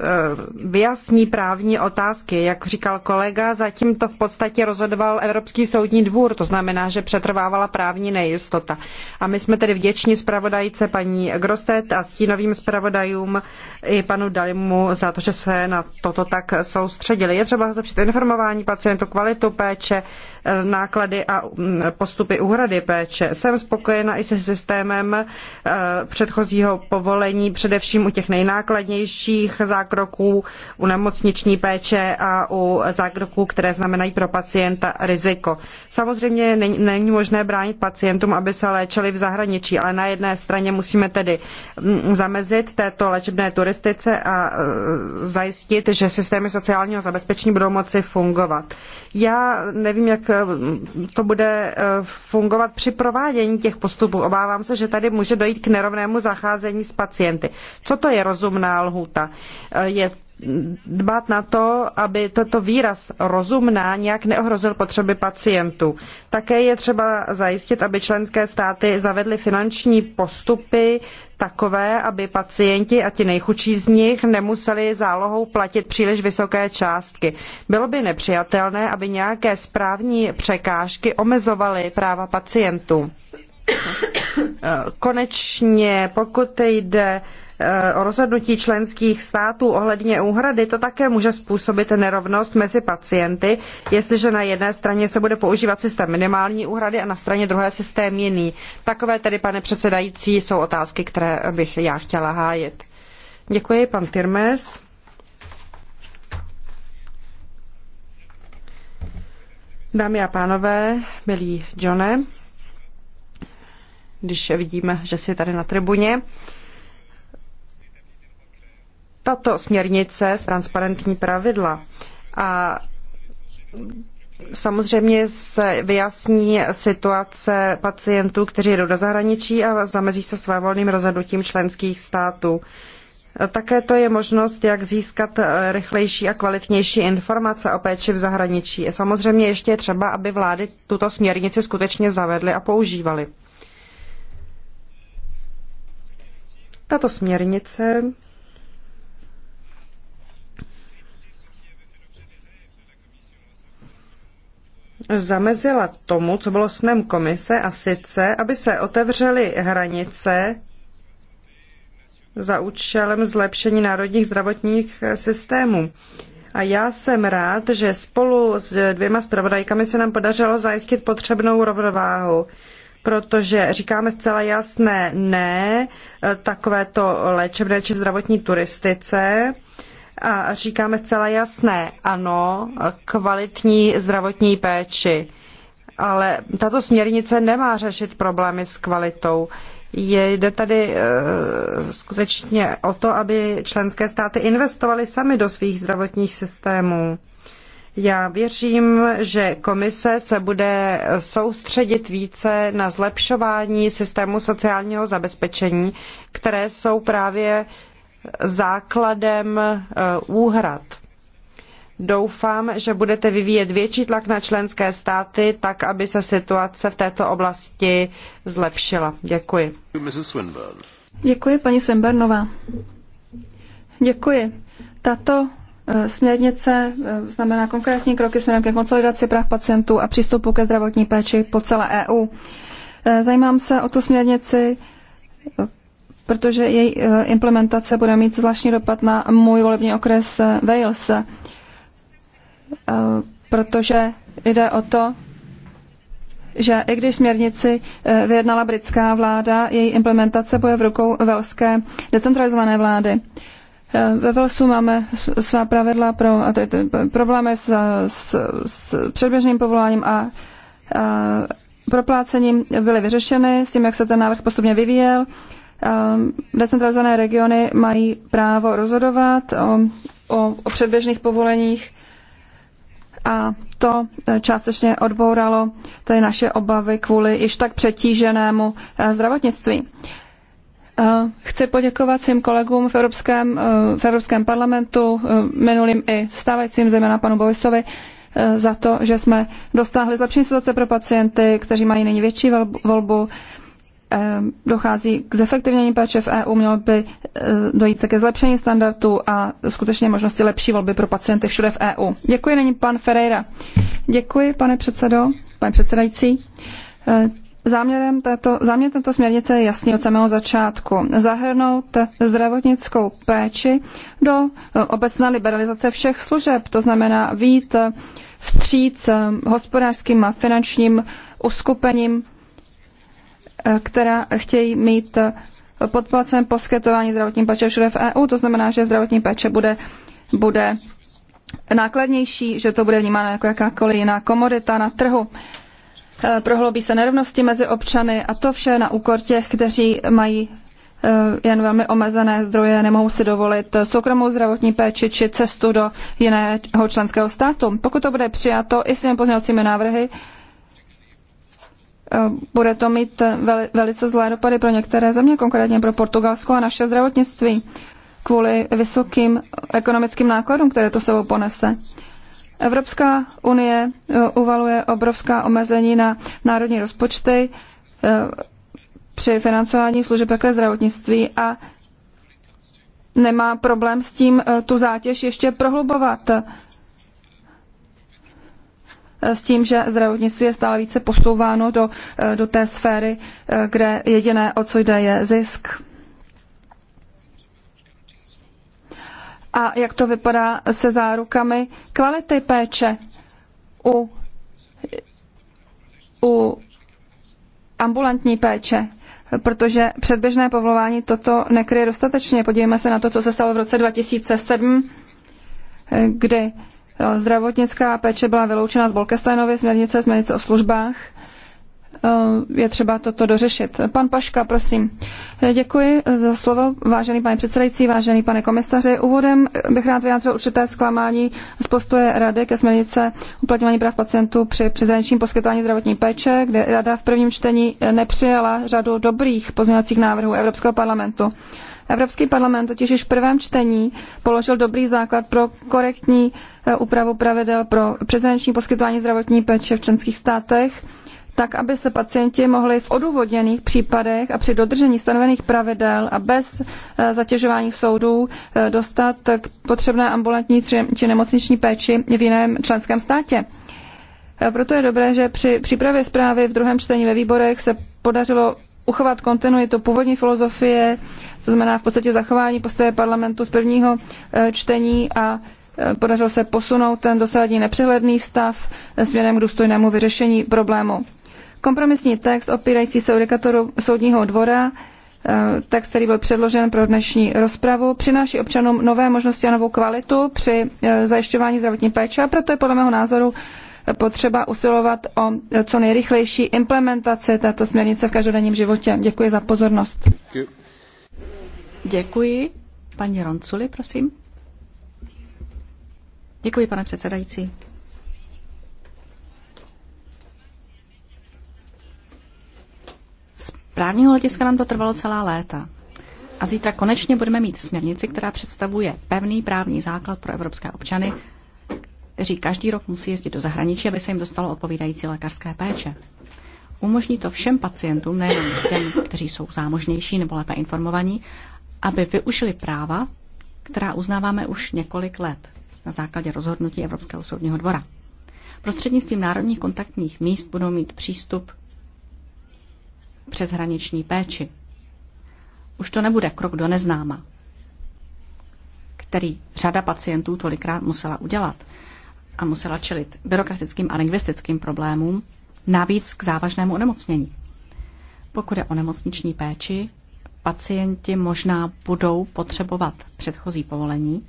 vyjasní právní otázky. Jak říkal kolega, zatím to v podstatě rozhodoval Evropský soudní dvůr, to znamená, že přetrvávala právní nejistota. A my jsme tedy vděční zpravodajce paní Grostet a stínovým zpravodajům i panu Dalimu za to, že se na toto tak soustředili. Je třeba zlepšit informování pacientů, kvalitu péče, eh, náklady a mm, postupy úhrady péče. Jsem spokojena i se systémem eh, předchozího povolení především u těch nejnákladnějších zákroků, u nemocniční péče a u zákroků, které znamenají pro pacienta riziko. Samozřejmě není možné bránit pacientům, aby se léčili v zahraničí, ale na jedné straně musíme tedy mm, zamezit této léčebné turistice a e, zajistit, že systémy sociálního zabezpečení budou moci fungovat. Já nevím, jak e, to bude e, fungovat při provádění těch postupů. Obávám se, že tady může dojít k nerovnému zacházení zacházení s pacienty. Co to je rozumná lhůta? Je dbát na to, aby toto výraz rozumná nějak neohrozil potřeby pacientů. Také je třeba zajistit, aby členské státy zavedly finanční postupy takové, aby pacienti a ti nejchudší z nich nemuseli zálohou platit příliš vysoké částky. Bylo by nepřijatelné, aby nějaké správní překážky omezovaly práva pacientů. Konečně, pokud jde eh, o rozhodnutí členských států ohledně úhrady, to také může způsobit nerovnost mezi pacienty, jestliže na jedné straně se bude používat systém minimální úhrady a na straně druhé systém jiný. Takové tedy, pane předsedající, jsou otázky, které bych já chtěla hájit. Děkuji, pan Tirmes. Dámy a pánové, milí Johne, když vidíme, že si tady na tribuně. Tato směrnice transparentní pravidla a Samozřejmě se vyjasní situace pacientů, kteří jdou do zahraničí a zamezí se svévolným rozhodnutím členských států. Také to je možnost, jak získat rychlejší a kvalitnější informace o péči v zahraničí. Samozřejmě ještě je třeba, aby vlády tuto směrnici skutečně zavedly a používaly. Tato směrnice zamezila tomu, co bylo snem komise, a sice, aby se otevřely hranice za účelem zlepšení národních zdravotních systémů. A já jsem rád, že spolu s dvěma zpravodajkami se nám podařilo zajistit potřebnou rovnováhu protože říkáme zcela jasné ne takovéto léčebné či zdravotní turistice a říkáme zcela jasné ano kvalitní zdravotní péči. Ale tato směrnice nemá řešit problémy s kvalitou. Je, jde tady e, skutečně o to, aby členské státy investovaly sami do svých zdravotních systémů. Já věřím, že komise se bude soustředit více na zlepšování systému sociálního zabezpečení, které jsou právě základem eh, úhrad. Doufám, že budete vyvíjet větší tlak na členské státy, tak aby se situace v této oblasti zlepšila. Děkuji. Děkuji, paní Swinburnová. Děkuji. Tato Eh, směrnice eh, znamená konkrétní kroky směrem ke konsolidaci práv pacientů a přístupu ke zdravotní péči po celé EU. Eh, zajímám se o tu směrnici, protože její implementace bude mít zvláštní dopad na můj volební okres Wales, protože jde o to, že i když směrnici vyjednala britská vláda, její implementace bude v rukou velské decentralizované vlády. Eh, ve Velsu máme svá pravidla pro a ty, ty, problémy s, s, s předběžným povoláním a, a proplácením byly vyřešeny s tím, jak se ten návrh postupně vyvíjel. Ehm, decentralizované regiony mají právo rozhodovat o, o, o předběžných povoleních a to eh, částečně odbouralo ty naše obavy kvůli již tak přetíženému eh, zdravotnictví. Chci poděkovat svým kolegům v Evropském, eh, v Evropském parlamentu, eh, minulým i stávajícím, zejména panu Bojsovi, eh, za to, že jsme dostáhli zlepšení situace pro pacienty, kteří mají nyní větší volbu. Dochází k zefektivnění péče v EU, mělo by dojít se ke zlepšení standardů a skutečně možnosti lepší volby pro pacienty všude v EU. Děkuji, není pan Ferreira. Děkuji, pane předsedo, pane předsedající. Záměrem této, záměr této směrnice je jasný od samého začátku. Zahrnout zdravotnickou péči do eh, obecné liberalizace všech služeb, to znamená vít eh, vstříc eh, hospodářským a finančním uskupením, která chtějí mít pod placem poskytování zdravotní péče všude v EU. To znamená, že zdravotní péče bude, bude nákladnější, že to bude vnímáno jako jakákoliv jiná komodita na trhu. Eh, prohloubí se nerovnosti mezi občany a to vše na úkor těch, kteří mají eh, jen velmi omezené zdroje, nemohou si dovolit soukromou zdravotní péči či cestu do jiného členského státu. Pokud to bude přijato i s těmi pozměňovacími návrhy, eh, bude to mít velice zlé dopady pro některé země, konkrétně pro Portugalsko a naše zdravotnictví, kvůli vysokým ekonomickým nákladům, které to sebou ponese. Evropská unie e, uvaluje obrovská omezení na národní rozpočty e, při financování služeb jako zdravotnictví a nemá problém s tím e, tu zátěž ještě prohlubovat s tím, že zdravotnictví je stále více posouváno do, do té sféry, kde jediné, o co jde, je zisk. a jak to vypadá se zárukami kvality péče u, u ambulantní péče, protože předběžné povolování toto nekryje dostatečně. Podívejme se na to, co se stalo v roce 2007, kdy zdravotnická péče byla vyloučena z Bolkestajnovy směrnice, směrnice o službách Eh, je třeba toto dořešit. Pan Paška, prosím. Eh, děkuji za slovo, vážený pane předsedající, vážený pane komisaři. Úvodem bych rád vyjádřil určité zklamání z postoje Rady ke směrnice uplatňování práv pacientů při přeshraničním poskytování zdravotní péče, kde Rada v prvním čtení eh, nepřijala řadu dobrých pozměňovacích návrhů Evropského parlamentu. Evropský parlament totiž již v prvém čtení položil dobrý základ pro korektní úpravu pravidel pro přeshraniční poskytování zdravotní péče v členských státech tak aby se pacienti mohli v odůvodněných případech a při dodržení stanovených pravidel a bez eh, zatěžování soudů eh, dostat k potřebné ambulantní či nemocniční péči v jiném členském státě. Eh, proto je dobré, že při přípravě zprávy v druhém čtení ve výborech se podařilo uchovat kontinuitu původní filozofie, to znamená v podstatě zachování postoje parlamentu z prvního čtení a podařilo se posunout ten dosádní nepřehledný stav směrem k důstojnému vyřešení problému. Kompromisní text opírající se o judikaturu soudního dvora, eh, text, který byl předložen pro dnešní rozpravu, přináší občanům nové možnosti a novou kvalitu při eh, zajišťování zdravotní péče a proto je podle mého názoru eh, potřeba usilovat o co nejrychlejší implementaci této směrnice v každodenním životě. Děkuji za pozornost. Děkuji. Paní Ronculi, prosím. Děkuji, pane předsedající. právního hlediska nám to trvalo celá léta. A zítra konečně budeme mít směrnici, která představuje pevný právní základ pro evropské občany, kteří každý rok musí jezdit do zahraničí, aby se jim dostalo odpovídající lékařské péče. Umožní to všem pacientům, nejenom těm, kteří jsou zámožnější nebo lépe informovaní, aby využili práva, která uznáváme už několik let na základě rozhodnutí Evropského soudního dvora. Prostřednictvím národních kontaktních míst budou mít přístup přeshraniční péči. Už to nebude krok do neznáma, který řada pacientů tolikrát musela udělat a musela čelit byrokratickým a lingvistickým problémům, navíc k závažnému onemocnění. Pokud je o nemocniční péči, pacienti možná budou potřebovat předchozí povolení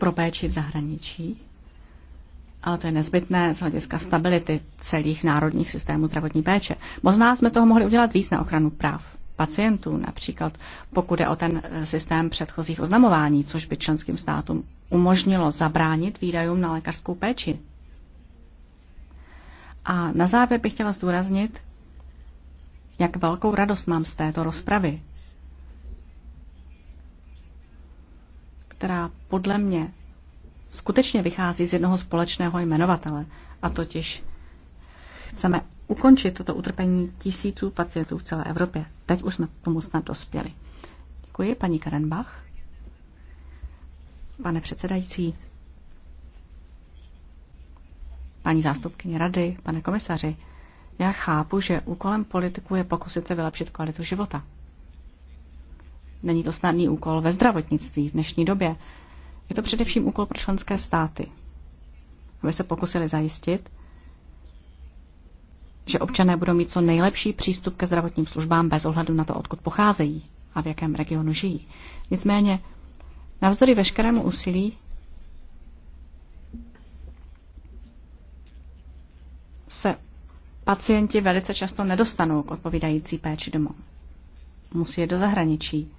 pro péči v zahraničí ale to je nezbytné z hlediska stability celých národních systémů zdravotní péče. Možná jsme toho mohli udělat víc na ochranu práv pacientů, například pokud je o ten eh, systém předchozích oznamování, což by členským státům umožnilo zabránit výdajům na lékařskou péči. A na závěr bych chtěla zdůraznit, jak velkou radost mám z této rozpravy, která podle mě skutečně vychází z jednoho společného jmenovatele, a totiž chceme ukončit toto utrpení tisíců pacientů v celé Evropě. Teď už jsme tomu snad dospěli. Děkuji, paní Karenbach. Pane předsedající, paní zástupkyně rady, pane komisaři, já chápu, že úkolem politiku je pokusit se vylepšit kvalitu života. Není to snadný úkol ve zdravotnictví v dnešní době, je to především úkol pro členské státy, aby se pokusili zajistit, že občané budou mít co nejlepší přístup ke zdravotním službám bez ohledu na to, odkud pocházejí a v jakém regionu žijí. Nicméně, navzdory veškerému úsilí, se pacienti velice často nedostanou k odpovídající péči domů. Musí je do zahraničí,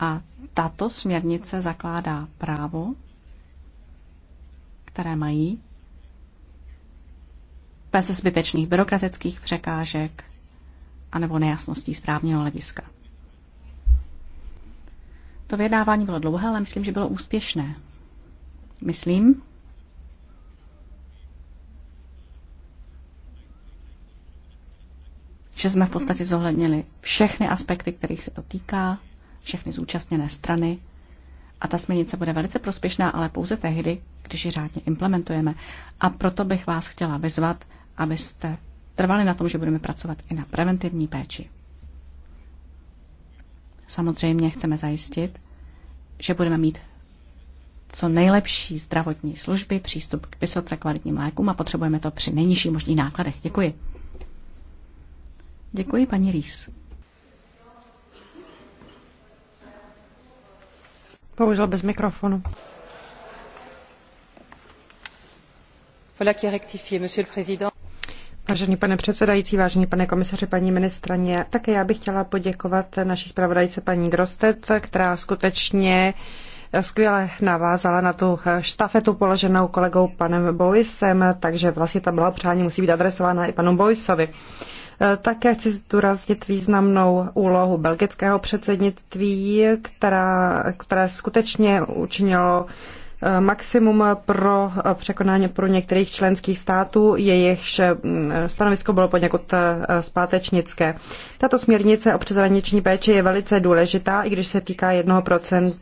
a tato směrnice zakládá právo, které mají bez zbytečných byrokratických překážek anebo nejasností správního hlediska. To vyjednávání bylo dlouhé, ale myslím, že bylo úspěšné. Myslím, že jsme v podstatě zohlednili všechny aspekty, kterých se to týká, všechny zúčastněné strany. A ta směrnice bude velice prospěšná, ale pouze tehdy, když ji řádně implementujeme. A proto bych vás chtěla vyzvat, abyste trvali na tom, že budeme pracovat i na preventivní péči. Samozřejmě chceme zajistit, že budeme mít co nejlepší zdravotní služby, přístup k vysoce kvalitním lékům a potřebujeme to při nejnižší možných nákladech. Děkuji. Děkuji, paní Rýs. Bohužel bez mikrofonu. Vážený pane předsedající, vážený pane komisaři, paní ministraně, také já bych chtěla poděkovat naší zpravodajce paní Grostec, která skutečně skvěle navázala na tu štafetu položenou kolegou panem Boisem, takže vlastně ta blahopřání musí být adresována i panu Boisovi. Eh, také chci zdůraznit významnou úlohu belgického předsednictví, která, které skutečně učinilo maximum pro eh, překonání pro některých členských států, jejichž mm, stanovisko bylo poněkud eh, zpátečnické. Tato směrnice o přeshraniční péči je velice důležitá, i když se týká 1%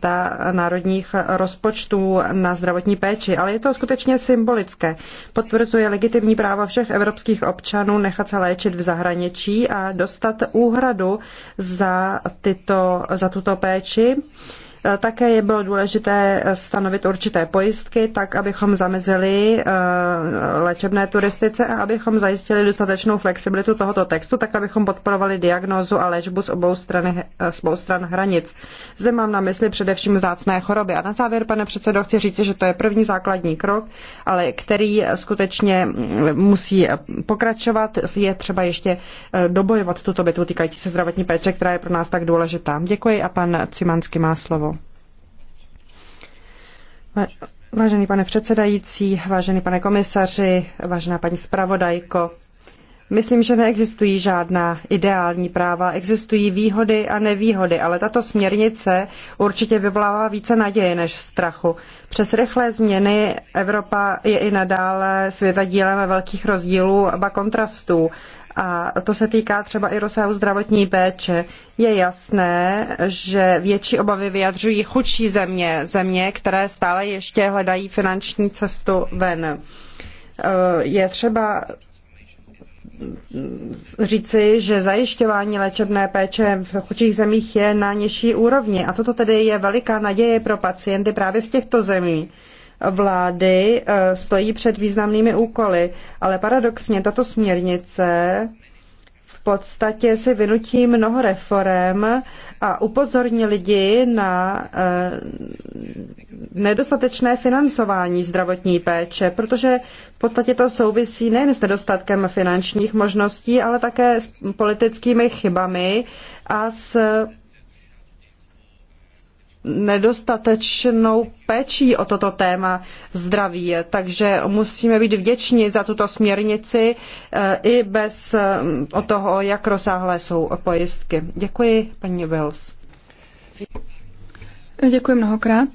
národních rozpočtů na zdravotní péči, ale je to skutečně symbolické. Potvrzuje legitimní práva všech evropských občanů nechat se léčit v zahraničí a dostat úhradu za, tyto, za tuto péči. Eh, také je bylo důležité stanovit určité pojistky, tak abychom zamezili eh, léčebné turistice a abychom zajistili dostatečnou flexibilitu tohoto textu, tak abychom podporovali diagnózu a léčbu z obou, strany, eh, z obou stran hranic. Zde mám na mysli především zácné choroby. A na závěr, pane předsedo, chci říct, že to je první základní krok, ale který skutečně mm, musí pokračovat. Je třeba ještě dobojovat tuto bitvu týkající se zdravotní péče, která je pro nás tak důležitá. Děkuji a pan Cimanský má slovo. Vážený pane předsedající, vážený pane komisaři, vážená paní zpravodajko, Myslím, že neexistují žádná ideální práva, existují výhody a nevýhody, ale tato směrnice určitě vyvolává více naděje než strachu. Přes rychlé změny Evropa je i nadále světadílem velkých rozdílů a kontrastů a to se týká třeba i rozsahu zdravotní péče. Je jasné, že větší obavy vyjadřují chudší země, země, které stále ještě hledají finanční cestu ven. E, je třeba říci, že zajišťování léčebné péče v chudších zemích je na nižší úrovni. A toto tedy je veliká naděje pro pacienty právě z těchto zemí vlády eh, stojí před významnými úkoly, ale paradoxně tato směrnice v podstatě si vynutí mnoho reform a upozorní lidi na eh, nedostatečné financování zdravotní péče, protože v podstatě to souvisí nejen s nedostatkem finančních možností, ale také s politickými chybami a s nedostatečnou péčí o toto téma zdraví. Takže musíme být vděční za tuto směrnici eh, i bez eh, o toho, jak rozsáhlé jsou pojistky. Děkuji, paní Wills. Děkuji mnohokrát.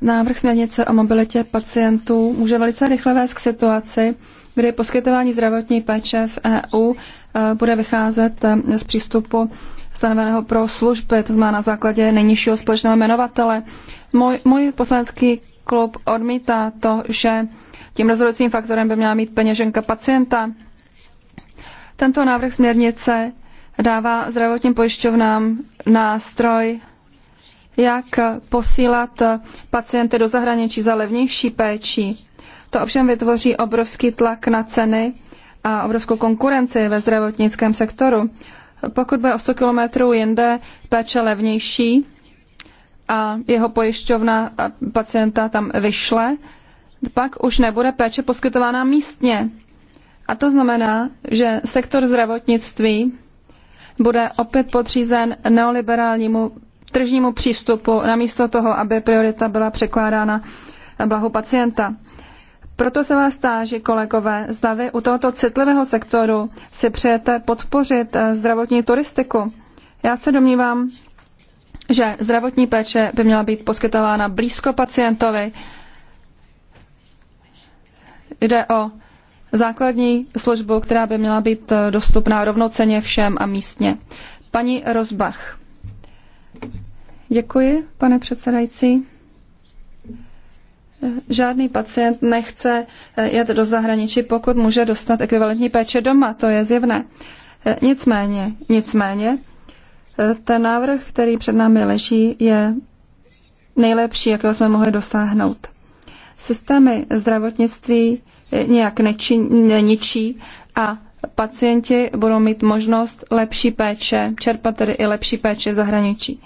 Návrh směrnice o mobilitě pacientů může velice rychle vést k situaci, kde poskytování zdravotní péče v EU eh, bude vycházet eh, z přístupu stanoveného pro služby, to znamená na základě nejnižšího společného jmenovatele. Můj, můj poslanecký klub odmítá to, že tím rozhodujícím faktorem by měla mít peněženka pacienta. Tento návrh směrnice dává zdravotním pojišťovnám nástroj, jak posílat pacienty do zahraničí za levnější péči. To ovšem vytvoří obrovský tlak na ceny a obrovskou konkurenci ve zdravotnickém sektoru. Pokud bude o 100 kilometrů jinde péče levnější a jeho pojišťovna pacienta tam vyšle, pak už nebude péče poskytována místně. A to znamená, že sektor zdravotnictví bude opět podřízen neoliberálnímu tržnímu přístupu, namísto toho, aby priorita byla překládána blahu pacienta. Proto se vás táži, kolegové, zda vy u tohoto citlivého sektoru si přejete podpořit eh, zdravotní turistiku. Já se domnívám, že zdravotní péče by měla být poskytována blízko pacientovi. Jde o základní službu, která by měla být eh, dostupná rovnoceně všem a místně. Paní Rozbach. Děkuji, pane předsedající. Žádný pacient nechce eh, jet do zahraničí, pokud může dostat ekvivalentní péče doma, to je zjevné. Eh, nicméně, nicméně, eh, ten návrh, který před námi leží, je nejlepší, jakého jsme mohli dosáhnout. Systémy zdravotnictví nějak neči, neničí a pacienti budou mít možnost lepší péče, čerpat tedy i lepší péče v zahraničí.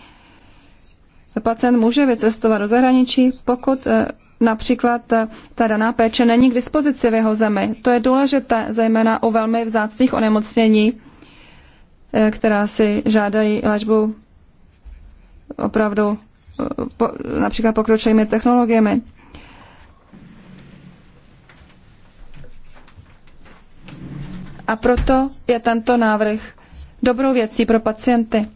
Pacient může vycestovat do zahraničí, pokud například eh, ta daná péče není k dispozici v jeho zemi. To je důležité, zejména u velmi vzácných onemocnění, eh, která si žádají léčbu opravdu eh, po, například pokročilými technologiemi. A proto je tento návrh dobrou věcí pro pacienty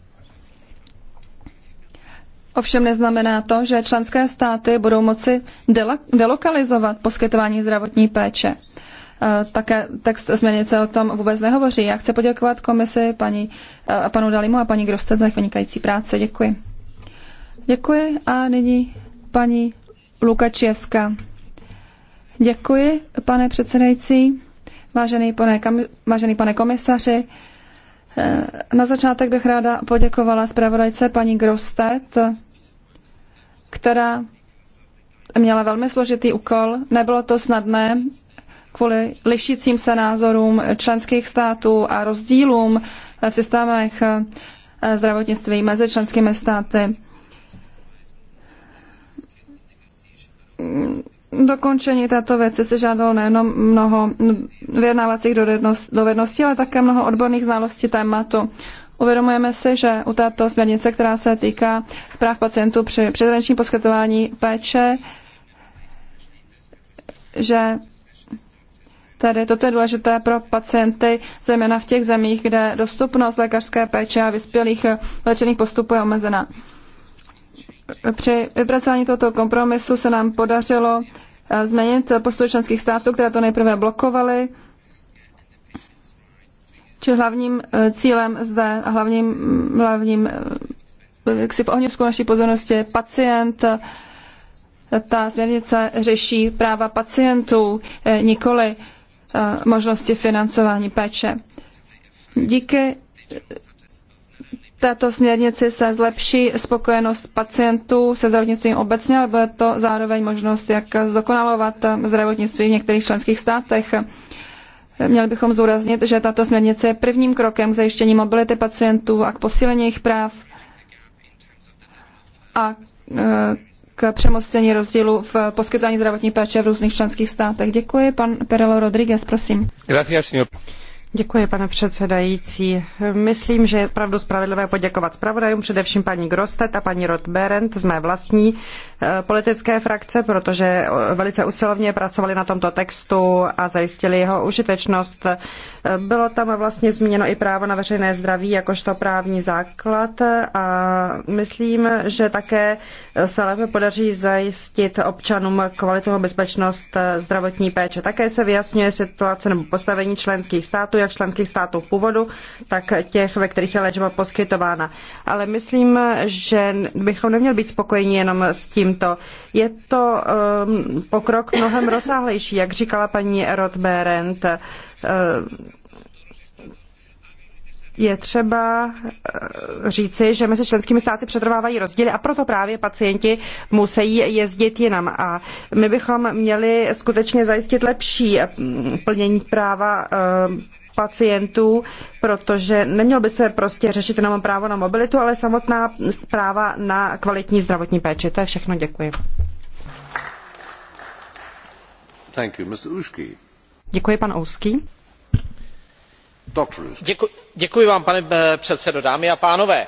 ovšem neznamená to, že členské státy budou moci delokalizovat poskytování zdravotní péče. E, také text směrnice o tom vůbec nehovoří. Já chci poděkovat komisi paní, e, panu Dalimu a paní Grostet za jejich vynikající práce. Děkuji. Děkuji a nyní paní Lukačevská. Děkuji, pane předsedající, vážený pane, vážený pane komisaři, Eh, na začátek bych ráda poděkovala zpravodajce paní Grostet, která měla velmi složitý úkol. Nebylo to snadné kvůli lišícím se názorům členských států a rozdílům v systémech eh, zdravotnictví mezi členskými státy dokončení této věci se žádalo nejenom mnoho vyjednávacích dovedností, ale také mnoho odborných znalostí tématu. Uvědomujeme si, že u této směrnice, která se týká práv pacientů při přeshraničním poskytování péče, že Tady toto je důležité pro pacienty, zejména v těch zemích, kde dostupnost lékařské péče a vyspělých léčených postupů je omezená při vypracování tohoto kompromisu se nám podařilo eh, změnit postoj členských států, které to nejprve blokovaly. Či hlavním eh, cílem zde, hlavním, mm, hlavním eh, jaksi v ohnivsku naší pozornosti je pacient. Ta směrnice řeší práva pacientů, nikoli možnosti financování péče. Díky této směrnici se zlepší spokojenost pacientů se zdravotnictvím obecně, ale bude to zároveň možnost, jak zdokonalovat zdravotnictví v některých členských státech. Měli bychom zdůraznit, že tato směrnice je prvním krokem k zajištění mobility pacientů a k posílení jejich práv a e, k přemostění rozdílu v poskytování zdravotní péče v různých členských státech. Děkuji. Pan Perelo Rodriguez, prosím. Gracias, señor. Děkuji, pane předsedající. Myslím, že je opravdu spravedlivé poděkovat zpravodajům, především paní Grostet a paní Roth z mé vlastní eh, politické frakce, protože eh, velice usilovně pracovali na tomto textu a zajistili jeho užitečnost. Eh, bylo tam vlastně zmíněno i právo na veřejné zdraví jakožto právní základ a myslím, že také se lépe podaří zajistit občanům kvalitu a bezpečnost zdravotní péče. Také se vyjasňuje situace nebo postavení členských států jak členských států původu, tak těch, ve kterých je léčba poskytována. Ale myslím, že bychom neměli být spokojeni jenom s tímto. Je to um, pokrok mnohem rozsáhlejší, jak říkala paní Roth Berendt. Uh, je třeba uh, říci, že mezi členskými státy přetrvávají rozdíly a proto právě pacienti musí jezdit jinam. A my bychom měli skutečně zajistit lepší um, plnění práva um, pacientů, protože nemělo by se prostě řešit jenom právo na mobilitu, ale samotná práva na kvalitní zdravotní péči. To je všechno, děkuji. Thank you, Mr. Ušky. Děkuji, pan Ouský. Děkuji, děkuji vám, pane eh, předsedo, dámy a pánové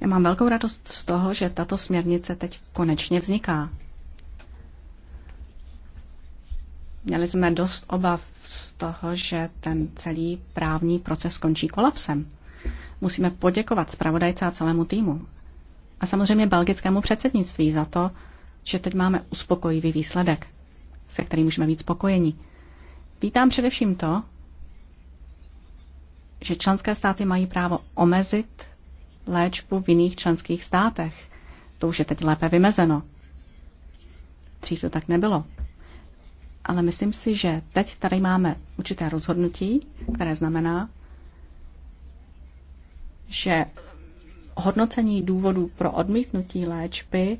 Já mám velkou radost z toho, že tato směrnice teď konečně vzniká. Měli jsme dost obav z toho, že ten celý právní proces skončí kolapsem. Musíme poděkovat zpravodajce a celému týmu. A samozřejmě belgickému předsednictví za to, že teď máme uspokojivý výsledek, se kterým můžeme být spokojeni. Vítám především to, že členské státy mají právo omezit léčbu v jiných členských státech. To už je teď lépe vymezeno. Dřív to tak nebylo. Ale myslím si, že teď tady máme určité rozhodnutí, které znamená, že hodnocení důvodů pro odmítnutí léčby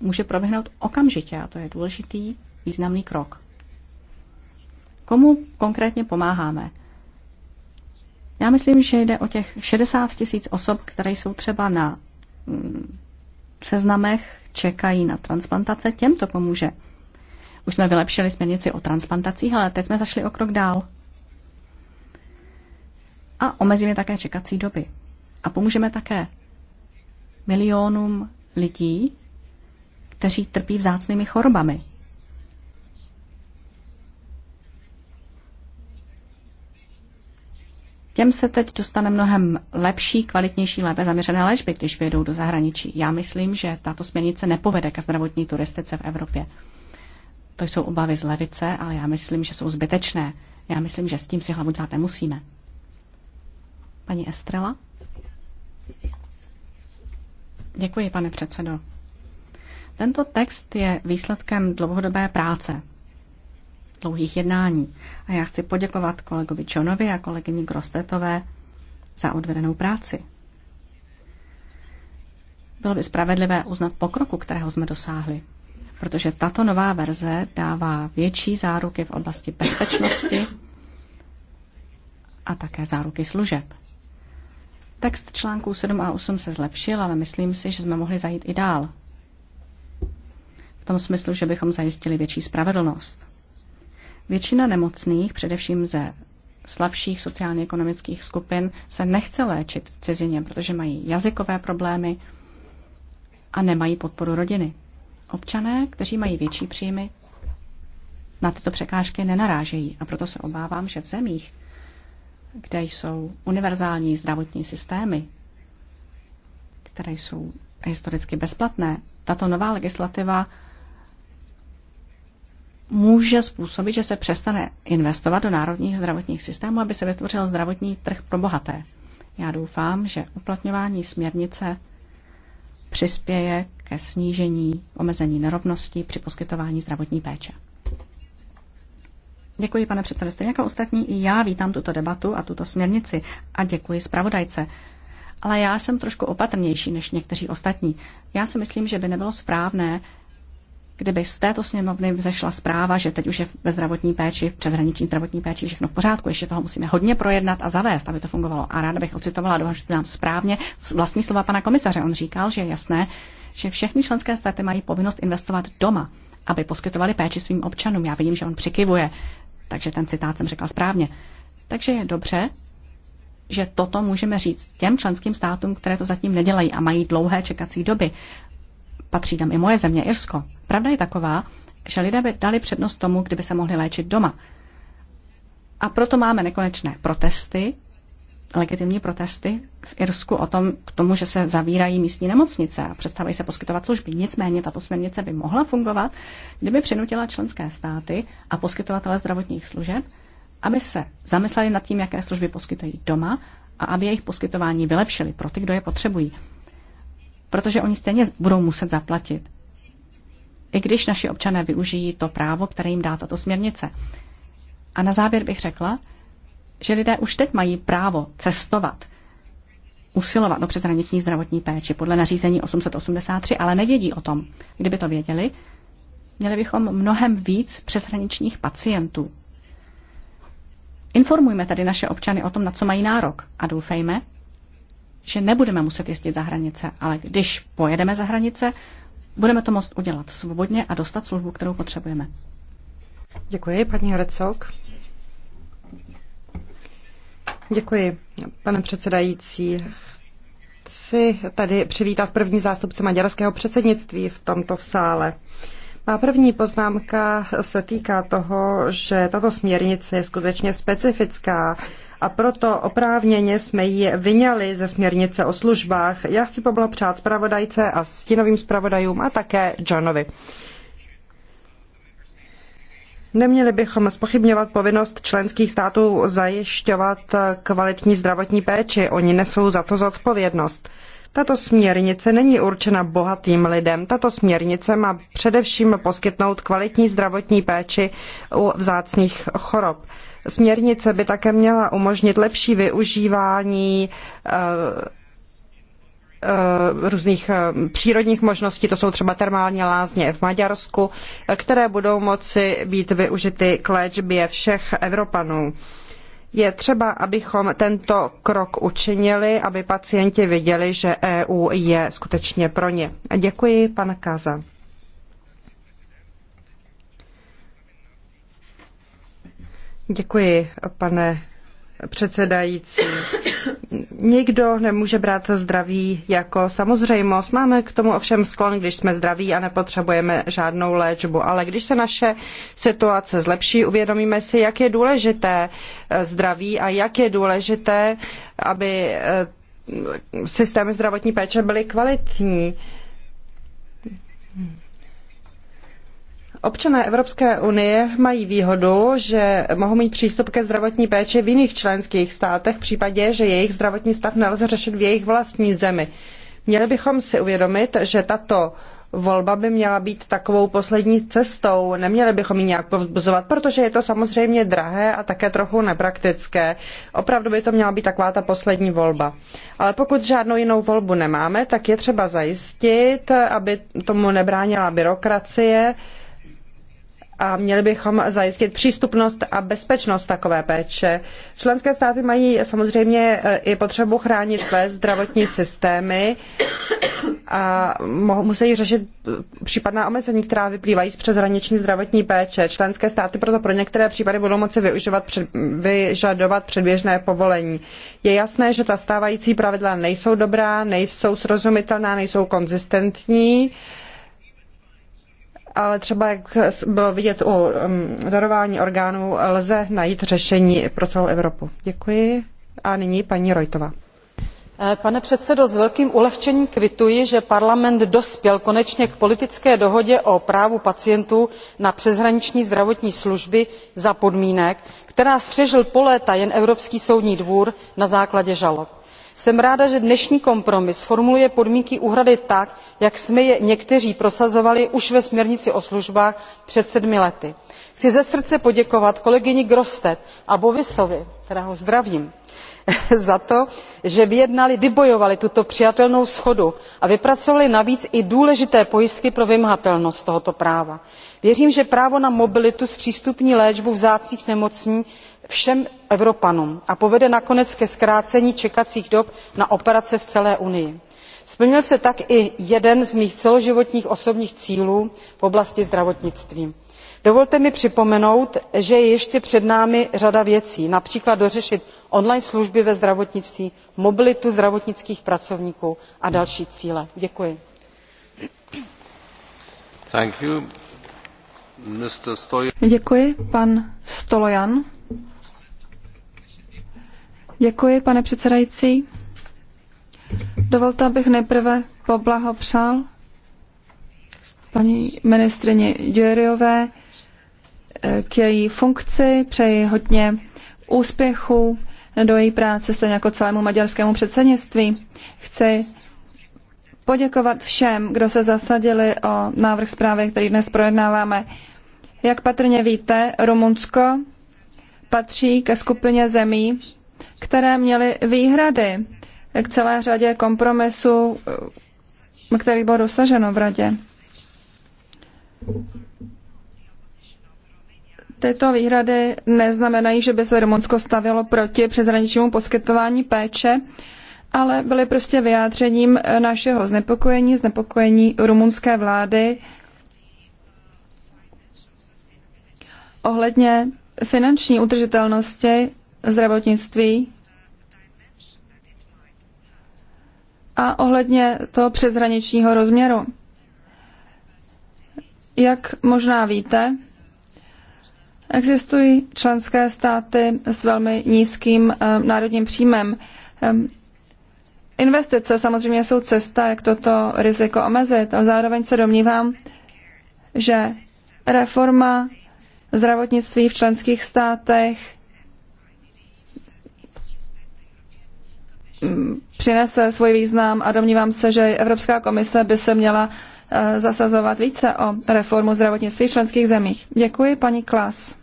může proběhnout okamžitě a to je důležitý významný krok. Komu konkrétně pomáháme? Já myslím, že jde o těch 60 tisíc osob, které jsou třeba na mm, seznamech, čekají na transplantace, těm to pomůže. Už jsme vylepšili směrnici o transplantacích, ale teď jsme zašli o krok dál. A omezíme také čekací doby. A pomůžeme také milionům lidí, kteří trpí vzácnými chorobami. Těm se teď dostane mnohem lepší, kvalitnější, lépe zaměřené léčby, když vyjedou do zahraničí. Já myslím, že tato směrnice nepovede ke zdravotní turistice v Evropě. To jsou obavy z levice, ale já myslím, že jsou zbytečné. Já myslím, že s tím si hlavu dělat nemusíme. Paní Estrela? Děkuji, pane předsedo. Tento text je výsledkem dlouhodobé práce dlouhých jednání. A já chci poděkovat kolegovi Čonovi a kolegyni Grostetové za odvedenou práci. Bylo by spravedlivé uznat pokroku, kterého jsme dosáhli, protože tato nová verze dává větší záruky v oblasti bezpečnosti a také záruky služeb. Text článků 7 a 8 se zlepšil, ale myslím si, že jsme mohli zajít i dál. V tom smyslu, že bychom zajistili větší spravedlnost. Většina nemocných, především ze slabších sociálně-ekonomických skupin, se nechce léčit v cizině, protože mají jazykové problémy a nemají podporu rodiny. Občané, kteří mají větší příjmy, na tyto překážky nenarážejí a proto se obávám, že v zemích, kde jsou univerzální zdravotní systémy, které jsou historicky bezplatné, tato nová legislativa může způsobit, že se přestane investovat do národních zdravotních systémů, aby se vytvořil zdravotní trh pro bohaté. Já doufám, že uplatňování směrnice přispěje ke snížení omezení nerovností při poskytování zdravotní péče. Děkuji, pane předsedo. Stejně jako ostatní, i já vítám tuto debatu a tuto směrnici a děkuji zpravodajce. Ale já jsem trošku opatrnější než někteří ostatní. Já si myslím, že by nebylo správné, kdyby z této sněmovny vzešla zpráva, že teď už je ve zdravotní péči, přeshraniční zdravotní péči všechno v pořádku, ještě toho musíme hodně projednat a zavést, aby to fungovalo. A ráda bych ocitovala, doufám, že nám správně, vlastní slova pana komisaře. On říkal, že je jasné, že všechny členské státy mají povinnost investovat doma, aby poskytovali péči svým občanům. Já vidím, že on přikivuje, takže ten citát jsem řekla správně. Takže je dobře, že toto můžeme říct těm členským státům, které to zatím nedělají a mají dlouhé čekací doby. Patří tam i moje země, Irsko. Pravda je taková, že lidé by dali přednost tomu, kdyby se mohli léčit doma. A proto máme nekonečné protesty, legitimní protesty v Irsku o tom, k tomu, že se zavírají místní nemocnice a přestávají se poskytovat služby. Nicméně tato směrnice by mohla fungovat, kdyby přinutila členské státy a poskytovatele zdravotních služeb, aby se zamysleli nad tím, jaké služby poskytují doma a aby jejich poskytování vylepšili pro ty, kdo je potřebují protože oni stejně budou muset zaplatit. I když naši občané využijí to právo, které jim dá tato směrnice. A na závěr bych řekla, že lidé už teď mají právo cestovat, usilovat o přeshraniční zdravotní péči podle nařízení 883, ale nevědí o tom. Kdyby to věděli, měli bychom mnohem víc přeshraničních pacientů. Informujme tedy naše občany o tom, na co mají nárok a doufejme, že nebudeme muset jezdit za hranice, ale když pojedeme za hranice, budeme to moct udělat svobodně a dostat službu, kterou potřebujeme. Děkuji, paní Hrecok. Děkuji, pane předsedající. Chci tady přivítat první zástupce maďarského předsednictví v tomto sále. Má první poznámka se týká toho, že tato směrnice je skutečně specifická a proto oprávněně jsme ji vyňali ze směrnice o službách. Já chci poblapřát zpravodajce a stínovým zpravodajům a také Johnovi. Neměli bychom spochybňovat povinnost členských států zajišťovat kvalitní zdravotní péči. Oni nesou za to zodpovědnost. Tato směrnice není určena bohatým lidem. Tato směrnice má především poskytnout kvalitní zdravotní péči u vzácných chorob. Směrnice by také měla umožnit lepší využívání eh, eh, různých eh, přírodních možností, to jsou třeba termální lázně v Maďarsku, které budou moci být využity k léčbě všech Evropanů. Je třeba, abychom tento krok učinili, aby pacienti viděli, že EU je skutečně pro ně. Děkuji, pan Kaza. Děkuji, pane předsedající nikdo nemůže brát zdraví jako samozřejmost. Máme k tomu ovšem sklon, když jsme zdraví a nepotřebujeme žádnou léčbu. Ale když se naše situace zlepší, uvědomíme si, jak je důležité eh, zdraví a jak je důležité, aby eh, systémy zdravotní péče byly kvalitní. Občané Evropské unie mají výhodu, že mohou mít přístup ke zdravotní péči v jiných členských státech v případě, že jejich zdravotní stav nelze řešit v jejich vlastní zemi. Měli bychom si uvědomit, že tato volba by měla být takovou poslední cestou, neměli bychom ji nějak povzbuzovat, protože je to samozřejmě drahé a také trochu nepraktické. Opravdu by to měla být taková ta poslední volba. Ale pokud žádnou jinou volbu nemáme, tak je třeba zajistit, aby tomu nebránila byrokracie, a měli bychom zajistit přístupnost a bezpečnost takové péče. Členské státy mají samozřejmě eh, i potřebu chránit své zdravotní systémy a musí řešit eh, případná omezení, která vyplývají z přeshraniční zdravotní péče. Členské státy proto pro některé případy budou moci využívat, před, vyžadovat předběžné povolení. Je jasné, že ta stávající pravidla nejsou dobrá, nejsou srozumitelná, nejsou konzistentní ale třeba jak bylo vidět u um, darování orgánů, lze najít řešení pro celou Evropu. Děkuji. A nyní paní Rojtová. Eh, pane předsedo, s velkým ulehčením kvituji, že parlament dospěl konečně k politické dohodě o právu pacientů na přeshraniční zdravotní služby za podmínek, která střežil po léta jen Evropský soudní dvůr na základě žalob jsem ráda že dnešní kompromis formuluje podmínky úhrady tak jak jsme je někteří prosazovali už ve směrnici o službách před sedmi lety. chci ze srdce poděkovat kolegyni grossettové a bowisovi kterého zdravím [laughs] za to že vyjednali vybojovali tuto přijatelnou shodu a vypracovali navíc i důležité pojistky pro vymahatelnost tohoto práva. věřím že právo na mobilitu zpřístupní léčbu vzácných nemocí všem evropanům a povede nakonec ke zkrácení čekacích dob na operace v celé unii. splnil se tak i jeden z mých celoživotních osobních cílů v oblasti zdravotnictví. dovolte mi připomenout že je ještě před námi řada věcí například dořešit on line služby ve zdravotnictví mobilitu zdravotnických pracovníků a další cíle. děkuji. Děkuji, Děkuji, pane předsedající. Dovolte, abych nejprve poblahopřál paní ministrině Děriové eh, k její funkci. Přeji hodně úspěchů do její práce, stejně jako celému maďarskému předsednictví. Chci poděkovat všem, kdo se zasadili o návrh zprávy, který dnes projednáváme. Jak patrně víte, Rumunsko patří ke skupině zemí, které měly výhrady k celé řadě kompromisů, který bylo dosaženo v radě. Tyto výhrady neznamenají, že by se Rumunsko stavělo proti přeshraničnímu poskytování péče, ale byly prostě vyjádřením našeho znepokojení, znepokojení rumunské vlády ohledně finanční udržitelnosti zdravotnictví a ohledně toho přeshraničního rozměru. Jak možná víte, existují členské státy s velmi nízkým eh, národním příjmem. Ehm, investice samozřejmě jsou cesta, jak toto riziko omezit, ale zároveň se domnívám, že reforma zdravotnictví v členských státech přinese svůj význam a domnívám se, že Evropská komise by se měla eh, zasazovat více o reformu zdravotnictví v členských zemích. Děkuji, paní Klas.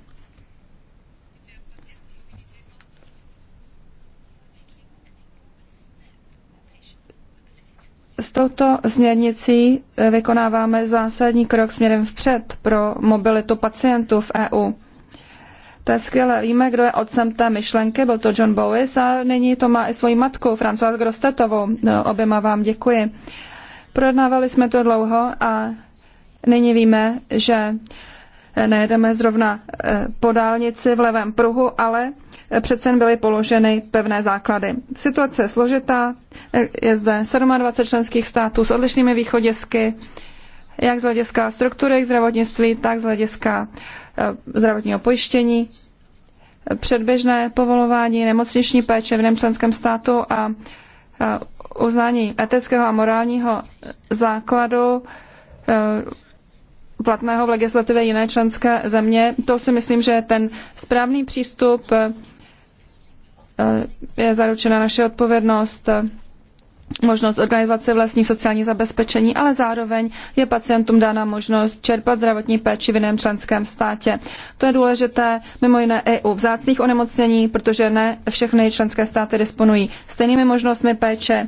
S touto směrnicí eh, vykonáváme zásadní krok směrem vpřed pro mobilitu pacientů v EU. To je skvělé. Víme, kdo je otcem té myšlenky, byl to John Bowis a nyní to má i svoji matku, Françoise Grostetovou. No, oběma vám děkuji. Projednávali jsme to dlouho a nyní víme, že eh, nejedeme zrovna eh, po dálnici v levém pruhu, ale eh, přece byly položeny pevné základy. Situace je složitá, je zde 27 členských států s odlišnými východisky, jak z hlediska struktury zdravotnictví, tak z hlediska Eh, zdravotního pojištění, předběžné povolování nemocniční péče v nemocenském státu a eh, uznání etického a morálního základu eh, platného v legislativě jiné členské země. To si myslím, že ten správný přístup je zaručena naše odpovědnost možnost organizovat si vlastní sociální zabezpečení, ale zároveň je pacientům dána možnost čerpat zdravotní péči v jiném členském státě. To je důležité mimo jiné i u vzácných onemocnění, protože ne všechny členské státy disponují stejnými možnostmi péče.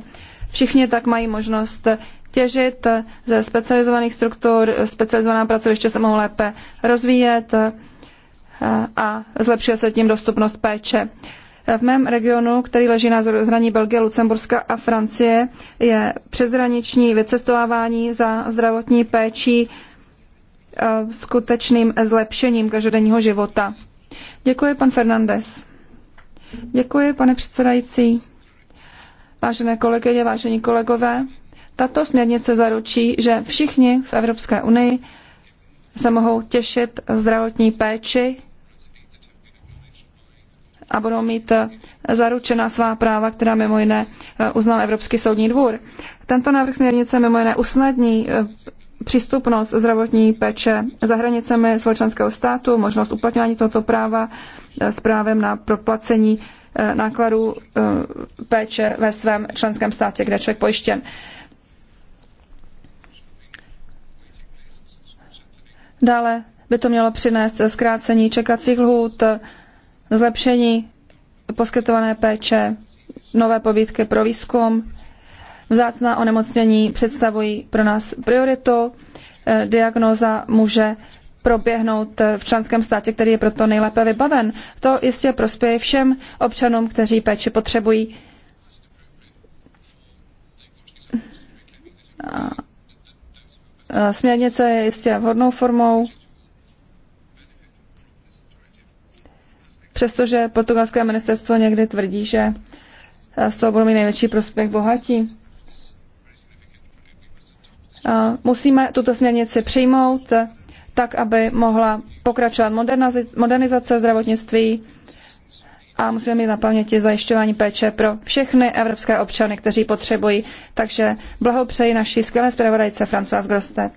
Všichni tak mají možnost těžit ze specializovaných struktur, specializovaná pracoviště se mohou lépe rozvíjet a zlepšuje se tím dostupnost péče. V mém regionu, který leží na zraní Belgie, Lucemburska a Francie, je přezhraniční vycestovávání za zdravotní péčí eh, skutečným zlepšením každodenního života. Děkuji, pan Fernandez. Děkuji, pane předsedající. Vážené kolegyně, vážení kolegové, tato směrnice zaručí, že všichni v Evropské unii se mohou těšit zdravotní péči a budou mít eh, zaručena svá práva, která mimo jiné eh, uznal Evropský soudní dvůr. Tento návrh směrnice mimo jiné usnadní eh, přístupnost zdravotní péče za hranicemi svého členského státu, možnost uplatňování tohoto práva s právem na proplacení nákladů péče ve svém členském státě, kde je člověk pojištěn. Dále by to mělo přinést zkrácení čekacích lhůt, zlepšení poskytované péče, nové pobídky pro výzkum, vzácná onemocnění představují pro nás prioritu. Eh, diagnóza může proběhnout eh, v členském státě, který je proto nejlépe vybaven. To jistě prospěje všem občanům, kteří péči potřebují. Směrnice je jistě vhodnou formou přestože portugalské ministerstvo někdy tvrdí, že eh, z toho budou mít největší prospěch bohatí. Musíme tuto směrnici přijmout eh, tak, aby mohla pokračovat modernizace zdravotnictví a musíme mít na paměti zajišťování péče pro všechny evropské občany, kteří potřebují. Takže blahopřeji naší skvělé zpravodajce Françoise Grostet.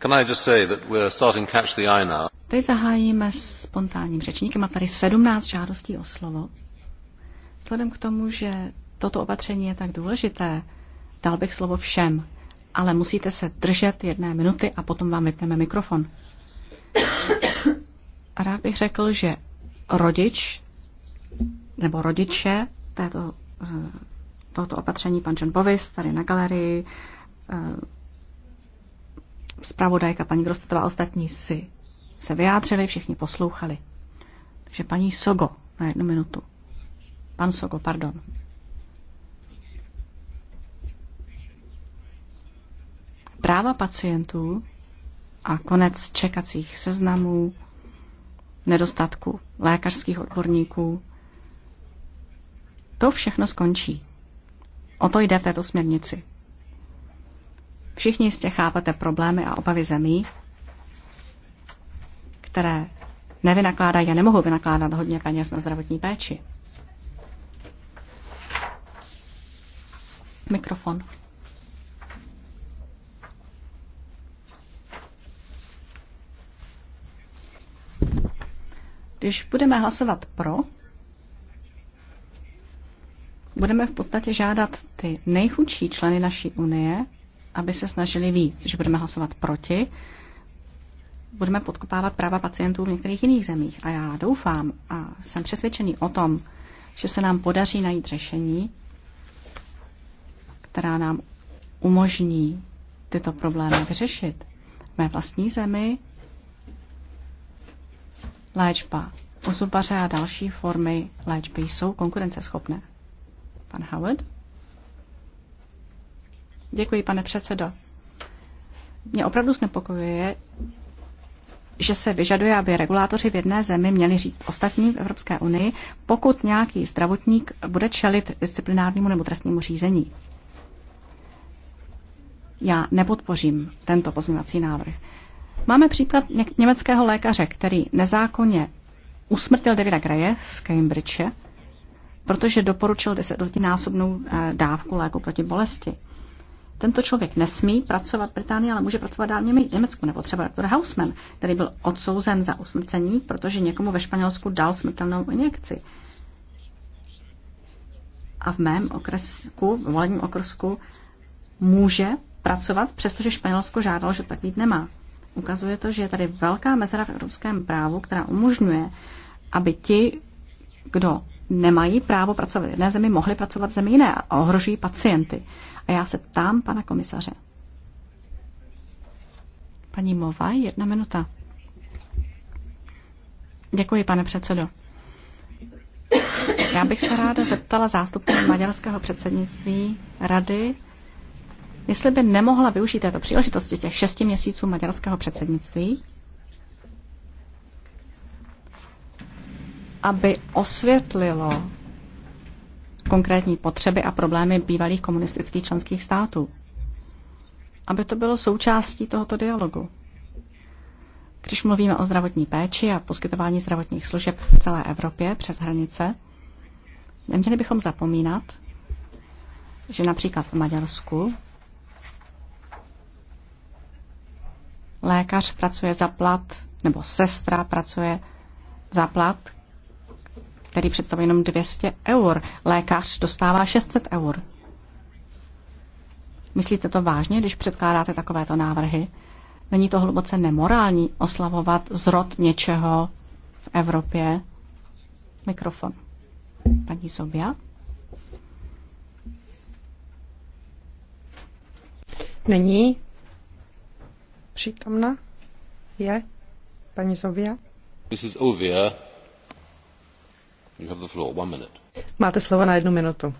Can I just say that we're starting catch the eye now? Teď zahájíme s spontánním řečníkem. Má tady 17 žádostí o slovo. Vzhledem k tomu, že toto opatření je tak důležité, dal bych slovo všem, ale musíte se držet jedné minuty a potom vám vypneme mikrofon. A rád bych řekl, že rodič nebo rodiče této, eh, tohoto opatření, pan John Bovis, tady na galerii, eh, zpravodajka paní Grostetová, ostatní si se vyjádřili, všichni poslouchali. Takže paní Sogo na jednu minutu. Pan Sogo, pardon. Práva pacientů a konec čekacích seznamů, nedostatku lékařských odborníků, to všechno skončí. O to jde v této směrnici. Všichni jistě chápete problémy a obavy zemí, které nevynakládají a nemohou vynakládat hodně peněz na zdravotní péči. Mikrofon. Když budeme hlasovat pro, budeme v podstatě žádat ty nejchudší členy naší unie, aby se snažili víc. Když budeme hlasovat proti, budeme podkopávat práva pacientů v některých jiných zemích. A já doufám a jsem přesvědčený o tom, že se nám podaří najít řešení, která nám umožní tyto problémy vyřešit. V mé vlastní zemi léčba zubaře a další formy léčby jsou konkurenceschopné. Pan Howard? Děkuji, pane předsedo. Mě opravdu znepokojuje, že se vyžaduje, aby regulátoři v jedné zemi měli říct ostatním v Evropské unii, pokud nějaký zdravotník bude čelit disciplinárnímu nebo trestnímu řízení. Já nepodpořím tento pozměňovací návrh. Máme příklad německého lékaře, který nezákonně usmrtil Davida Greje z Cambridge, protože doporučil desetinásobnou eh, dávku léku proti bolesti. Tento člověk nesmí pracovat v Británii, ale může pracovat dál v Německu, nebo třeba doktor Hausmann, který byl odsouzen za usmrcení, protože někomu ve Španělsku dal smrtelnou injekci. A v mém okresku, v volebním okresku, může pracovat, přestože Španělsko žádalo, že tak být nemá. Ukazuje to, že je tady velká mezera v evropském právu, která umožňuje, aby ti, kdo nemají právo pracovat v jedné zemi, mohli pracovat v zemi jiné a ohrožují pacienty. A já se ptám pana komisaře. Paní Mova, jedna minuta. Děkuji, pane předsedo. Já bych se ráda zeptala zástupce maďarského předsednictví rady, jestli by nemohla využít této příležitosti těch šesti měsíců maďarského předsednictví, aby osvětlilo konkrétní potřeby a problémy bývalých komunistických členských států. Aby to bylo součástí tohoto dialogu. Když mluvíme o zdravotní péči a poskytování zdravotních služeb v celé Evropě přes hranice, neměli bychom zapomínat, že například v Maďarsku lékař pracuje za plat, nebo sestra pracuje za plat, který představuje jenom 200 eur. Lékař dostává 600 eur. Myslíte to vážně, když předkládáte takovéto návrhy? Není to hluboce nemorální oslavovat zrod něčeho v Evropě? Mikrofon. Paní Sobia? Není přítomna? Je? Paní Zobia? Mrs. Ovia, You have the floor. One minute. Máte slovo na jednu minutu.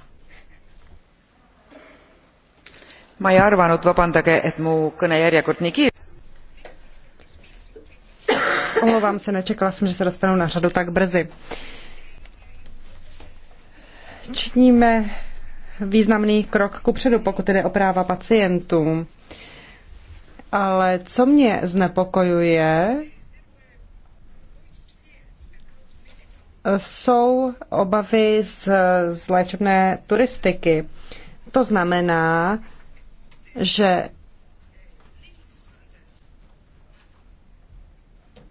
Ma ei arvanud, také, et mu kõne järjekord nii kiire. Omlouvám se, nečekala jsem, že se dostanu na řadu tak brzy. Činíme významný krok kupředu, pokud jde o práva pacientů. Ale co mě znepokojuje, jsou obavy z, z léčebné turistiky. To znamená, že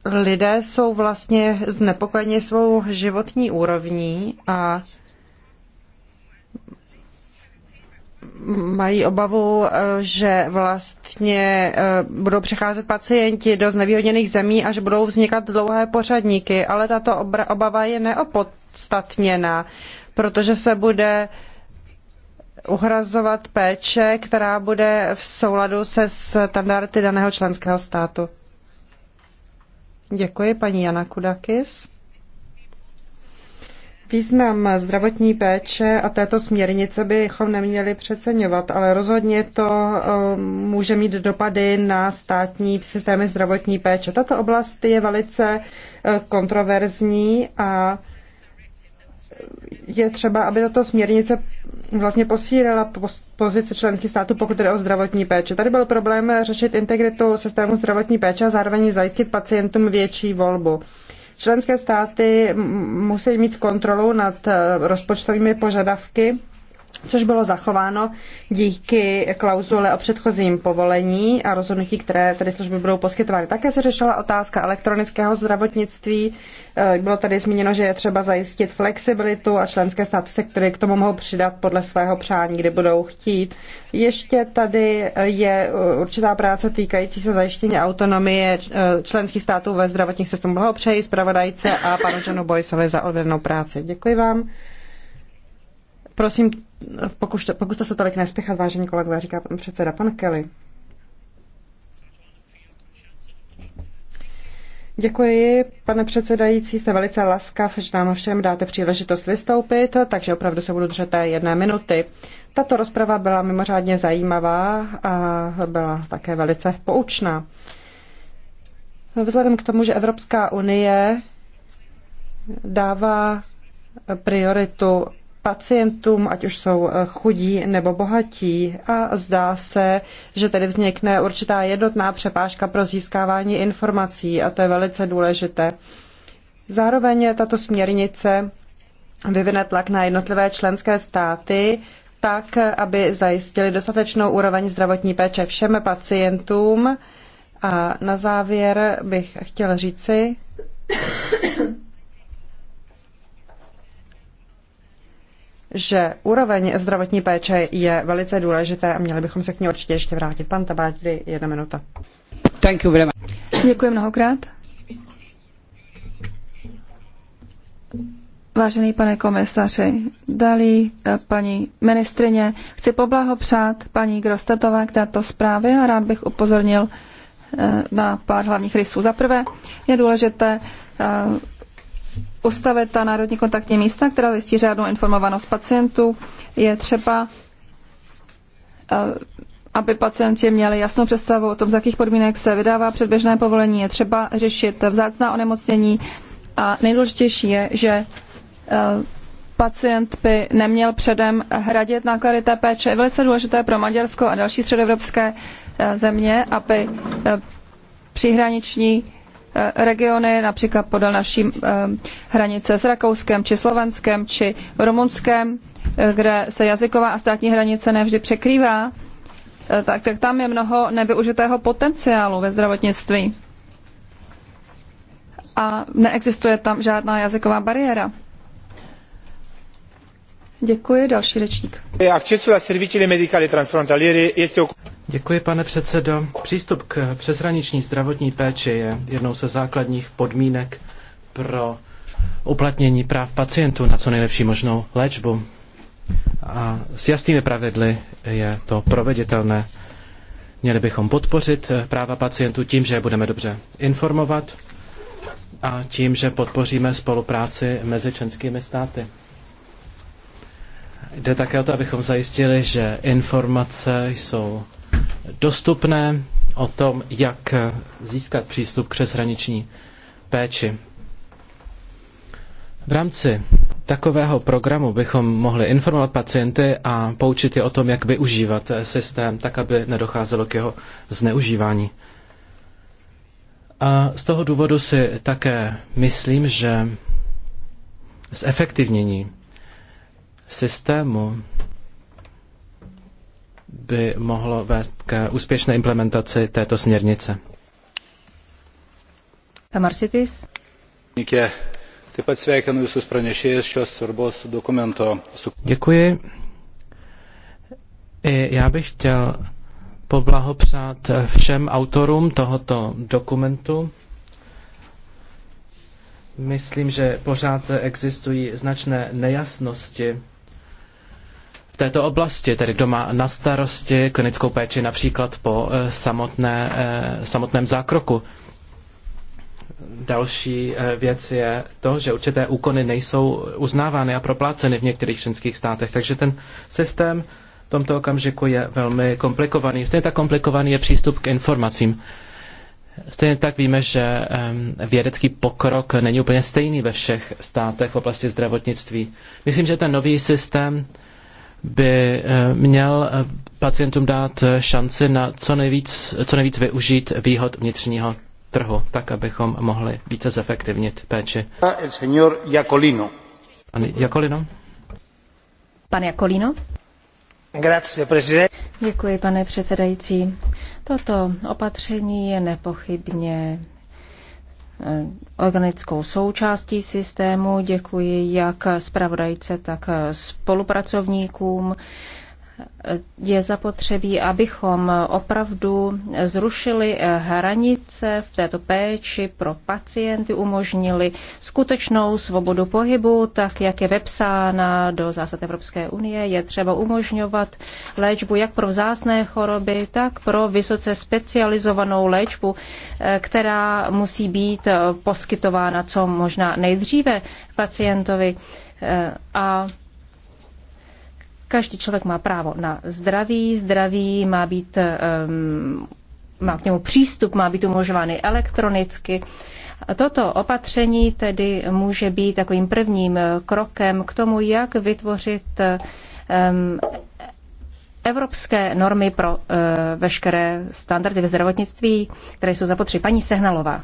lidé jsou vlastně znepokojeni svou životní úrovní a mají obavu, eh, že vlastně eh, budou přecházet pacienti do znevýhodněných zemí a že budou vznikat dlouhé pořadníky, ale tato obava je neopodstatněná, protože se bude uhrazovat péče, která bude v souladu se standardy daného členského státu. Děkuji, paní Jana Kudakis. Význam zdravotní péče a této směrnice bychom neměli přeceňovat, ale rozhodně to eh, může mít dopady na státní systémy zdravotní péče. Tato oblast je velice eh, kontroverzní a je třeba, aby tato směrnice vlastně posílila pozici členských států, pokud jde o zdravotní péče. Tady byl problém řešit integritu systému zdravotní péče a zároveň zajistit pacientům větší volbu. Členské státy musí mít kontrolu nad eh, rozpočtovými požadavky což bylo zachováno díky klauzule o předchozím povolení a rozhodnutí, které tedy služby budou poskytovány. Také se řešila otázka elektronického zdravotnictví. Eh, bylo tady zmíněno, že je třeba zajistit flexibilitu a členské státy se které k tomu mohou přidat podle svého přání, kdy budou chtít. Ještě tady eh, je eh, určitá práce týkající se zajištění autonomie členských států ve zdravotních systému. Blahopřeji zpravodajce a panu Johnu Boysovi za odvedenou práci. Děkuji vám. Prosím, Pokušte, pokuste se tolik nespěchat, vážení kolegové, říká pan předseda pan Kelly. Děkuji, pane předsedající, jste velice laskav, že nám všem dáte příležitost vystoupit, takže opravdu se budu držet té jedné minuty. Tato rozprava byla mimořádně zajímavá a byla také velice poučná. Vzhledem k tomu, že Evropská unie dává prioritu pacientům, ať už jsou eh, chudí nebo bohatí. A zdá se, že tedy vznikne určitá jednotná přepážka pro získávání informací a to je velice důležité. Zároveň je tato směrnice vyvine tlak na jednotlivé členské státy, tak, aby zajistili dostatečnou úroveň zdravotní péče všem pacientům. A na závěr bych chtěla říci, že úroveň zdravotní péče je velice důležité a měli bychom se k ní určitě ještě vrátit. Pan Tabáčdy, jedna minuta. Thank you very much. Děkuji mnohokrát. Vážený pane komisaři, dalí eh, paní ministrině, chci poblahopřát paní Grostetové k této zprávě a rád bych upozornil eh, na pár hlavních rysů. Za prvé je důležité eh, postavit ta národní kontaktní místa, která zjistí řádnou informovanost pacientů. Je třeba, eh, aby pacienti měli jasnou představu o tom, za jakých podmínek se vydává předběžné povolení. Je třeba řešit vzácná onemocnění a nejdůležitější je, že eh, pacient by neměl předem hradit náklady té péče. Je velice důležité pro Maďarsko a další středoevropské eh, země, aby přihraniční Eh, regiony, například podél naší eh, hranice s Rakouskem, či Slovenskem, či Rumunskem, eh, kde se jazyková a státní hranice nevždy překrývá, tak, tak tam je mnoho nevyužitého potenciálu ve zdravotnictví. A neexistuje tam žádná jazyková bariéra. Děkuji, další řečník. Děkuji, pane předsedo. Přístup k přeshraniční zdravotní péči je jednou ze základních podmínek pro uplatnění práv pacientů na co nejlepší možnou léčbu. A s jasnými pravidly je to proveditelné. Měli bychom podpořit práva pacientů tím, že je budeme dobře informovat a tím, že podpoříme spolupráci mezi členskými státy. Jde také o to, abychom zajistili, že informace jsou dostupné o tom, jak získat přístup k přeshraniční péči. V rámci takového programu bychom mohli informovat pacienty a poučit je o tom, jak využívat systém, tak aby nedocházelo k jeho zneužívání. A z toho důvodu si také myslím, že zefektivnění systému by mohlo vést k úspěšné implementaci této směrnice. Marsitis. Taip pat sveikinu visus pranešėjus šios svarbos dokumento. Děkuji. I já bych chtěl poblahopřát všem autorům tohoto dokumentu. Myslím, že pořád existují značné nejasnosti v této oblasti, tedy kdo má na starosti klinickou péči například po eh, samotné, eh, samotném zákroku. Další eh, věc je to, že určité úkony nejsou uznávány a propláceny v některých členských státech, takže ten systém v tomto okamžiku je velmi komplikovaný. Stejně tak komplikovaný je přístup k informacím. Stejně tak víme, že vědecký pokrok není úplně stejný ve všech státech v oblasti zdravotnictví. Myslím, že ten nový systém by eh, měl eh, pacientům dát eh, šanci na co nejvíc, co nejvíc využít výhod vnitřního trhu, tak abychom mohli více zefektivnit péči. Jakolino. Pan Jakolino? Pan Jakolino? Děkuji, pane předsedající. Toto opatření je nepochybně organickou součástí systému. Děkuji jak zpravodajce, tak spolupracovníkům je zapotřebí, abychom opravdu zrušili hranice v této péči pro pacienty, umožnili skutečnou svobodu pohybu, tak jak je vepsána do zásad Evropské unie. Je třeba umožňovat léčbu jak pro vzácné choroby, tak pro vysoce specializovanou léčbu, která musí být poskytována co možná nejdříve pacientovi. A Každý člověk má právo na zdraví, zdraví má být, um, má k němu přístup, má být umožovány elektronicky. Toto opatření tedy může být takovým prvním krokem k tomu, jak vytvořit um, evropské normy pro uh, veškeré standardy ve zdravotnictví, které jsou zapotřebí. Paní Sehnalová.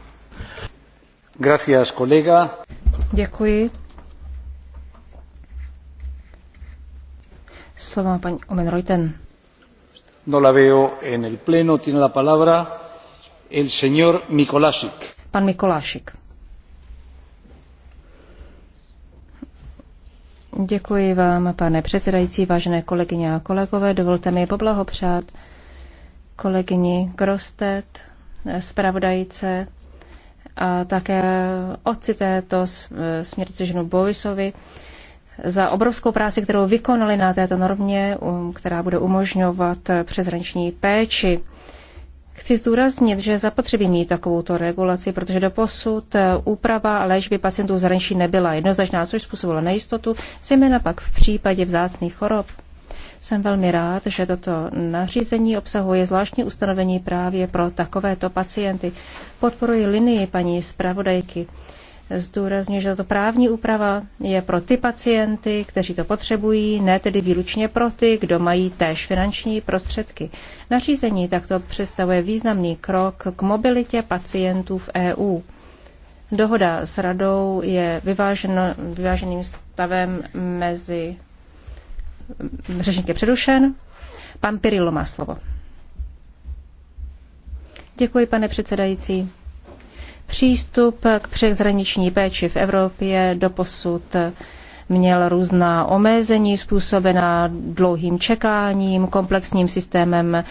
Děkuji. Slovo má paní Omen Reuten. No la veo en el pleno, tiene la palabra el señor Mikolášik. Pan Mikolášik. Děkuji vám, pane předsedající, vážené kolegyně a kolegové. Dovolte mi poblahopřát kolegyni Grostet, zpravodajce a také otci této e, směrnice ženu Bovisovi za obrovskou práci, kterou vykonali na této normě, um, která bude umožňovat e, přezranční péči. Chci zdůraznit, že zapotřebí mít takovouto regulaci, protože do posud e, úprava léčby pacientů zranší nebyla jednoznačná, což způsobilo nejistotu, zejména pak v případě vzácných chorob. Jsem velmi rád, že toto nařízení obsahuje zvláštní ustanovení právě pro takovéto pacienty. Podporuji linii paní zpravodajky. Zdůrazňuji, že tato právní úprava je pro ty pacienty, kteří to potřebují, ne tedy výlučně pro ty, kdo mají též finanční prostředky. Nařízení takto představuje významný krok k mobilitě pacientů v EU. Dohoda s radou je vyvážen, vyváženým stavem mezi řečník je předušen. Pan Pirillo má slovo. Děkuji, pane předsedající. Přístup k přeshraniční péči v Evropě doposud posud měl různá omezení způsobená dlouhým čekáním, komplexním systémem eh,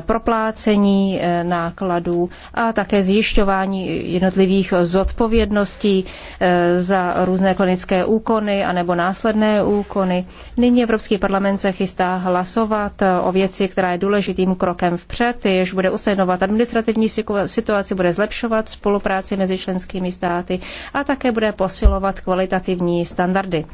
proplácení eh, nákladů a také zjišťování jednotlivých zodpovědností eh, za různé klinické úkony anebo následné úkony. Nyní Evropský parlament se chystá hlasovat o věci, která je důležitým krokem vpřed, jež bude usnadňovat administrativní situaci, bude zlepšovat spolupráci mezi členskými státy a také bude posilovat kvalitativní standardy.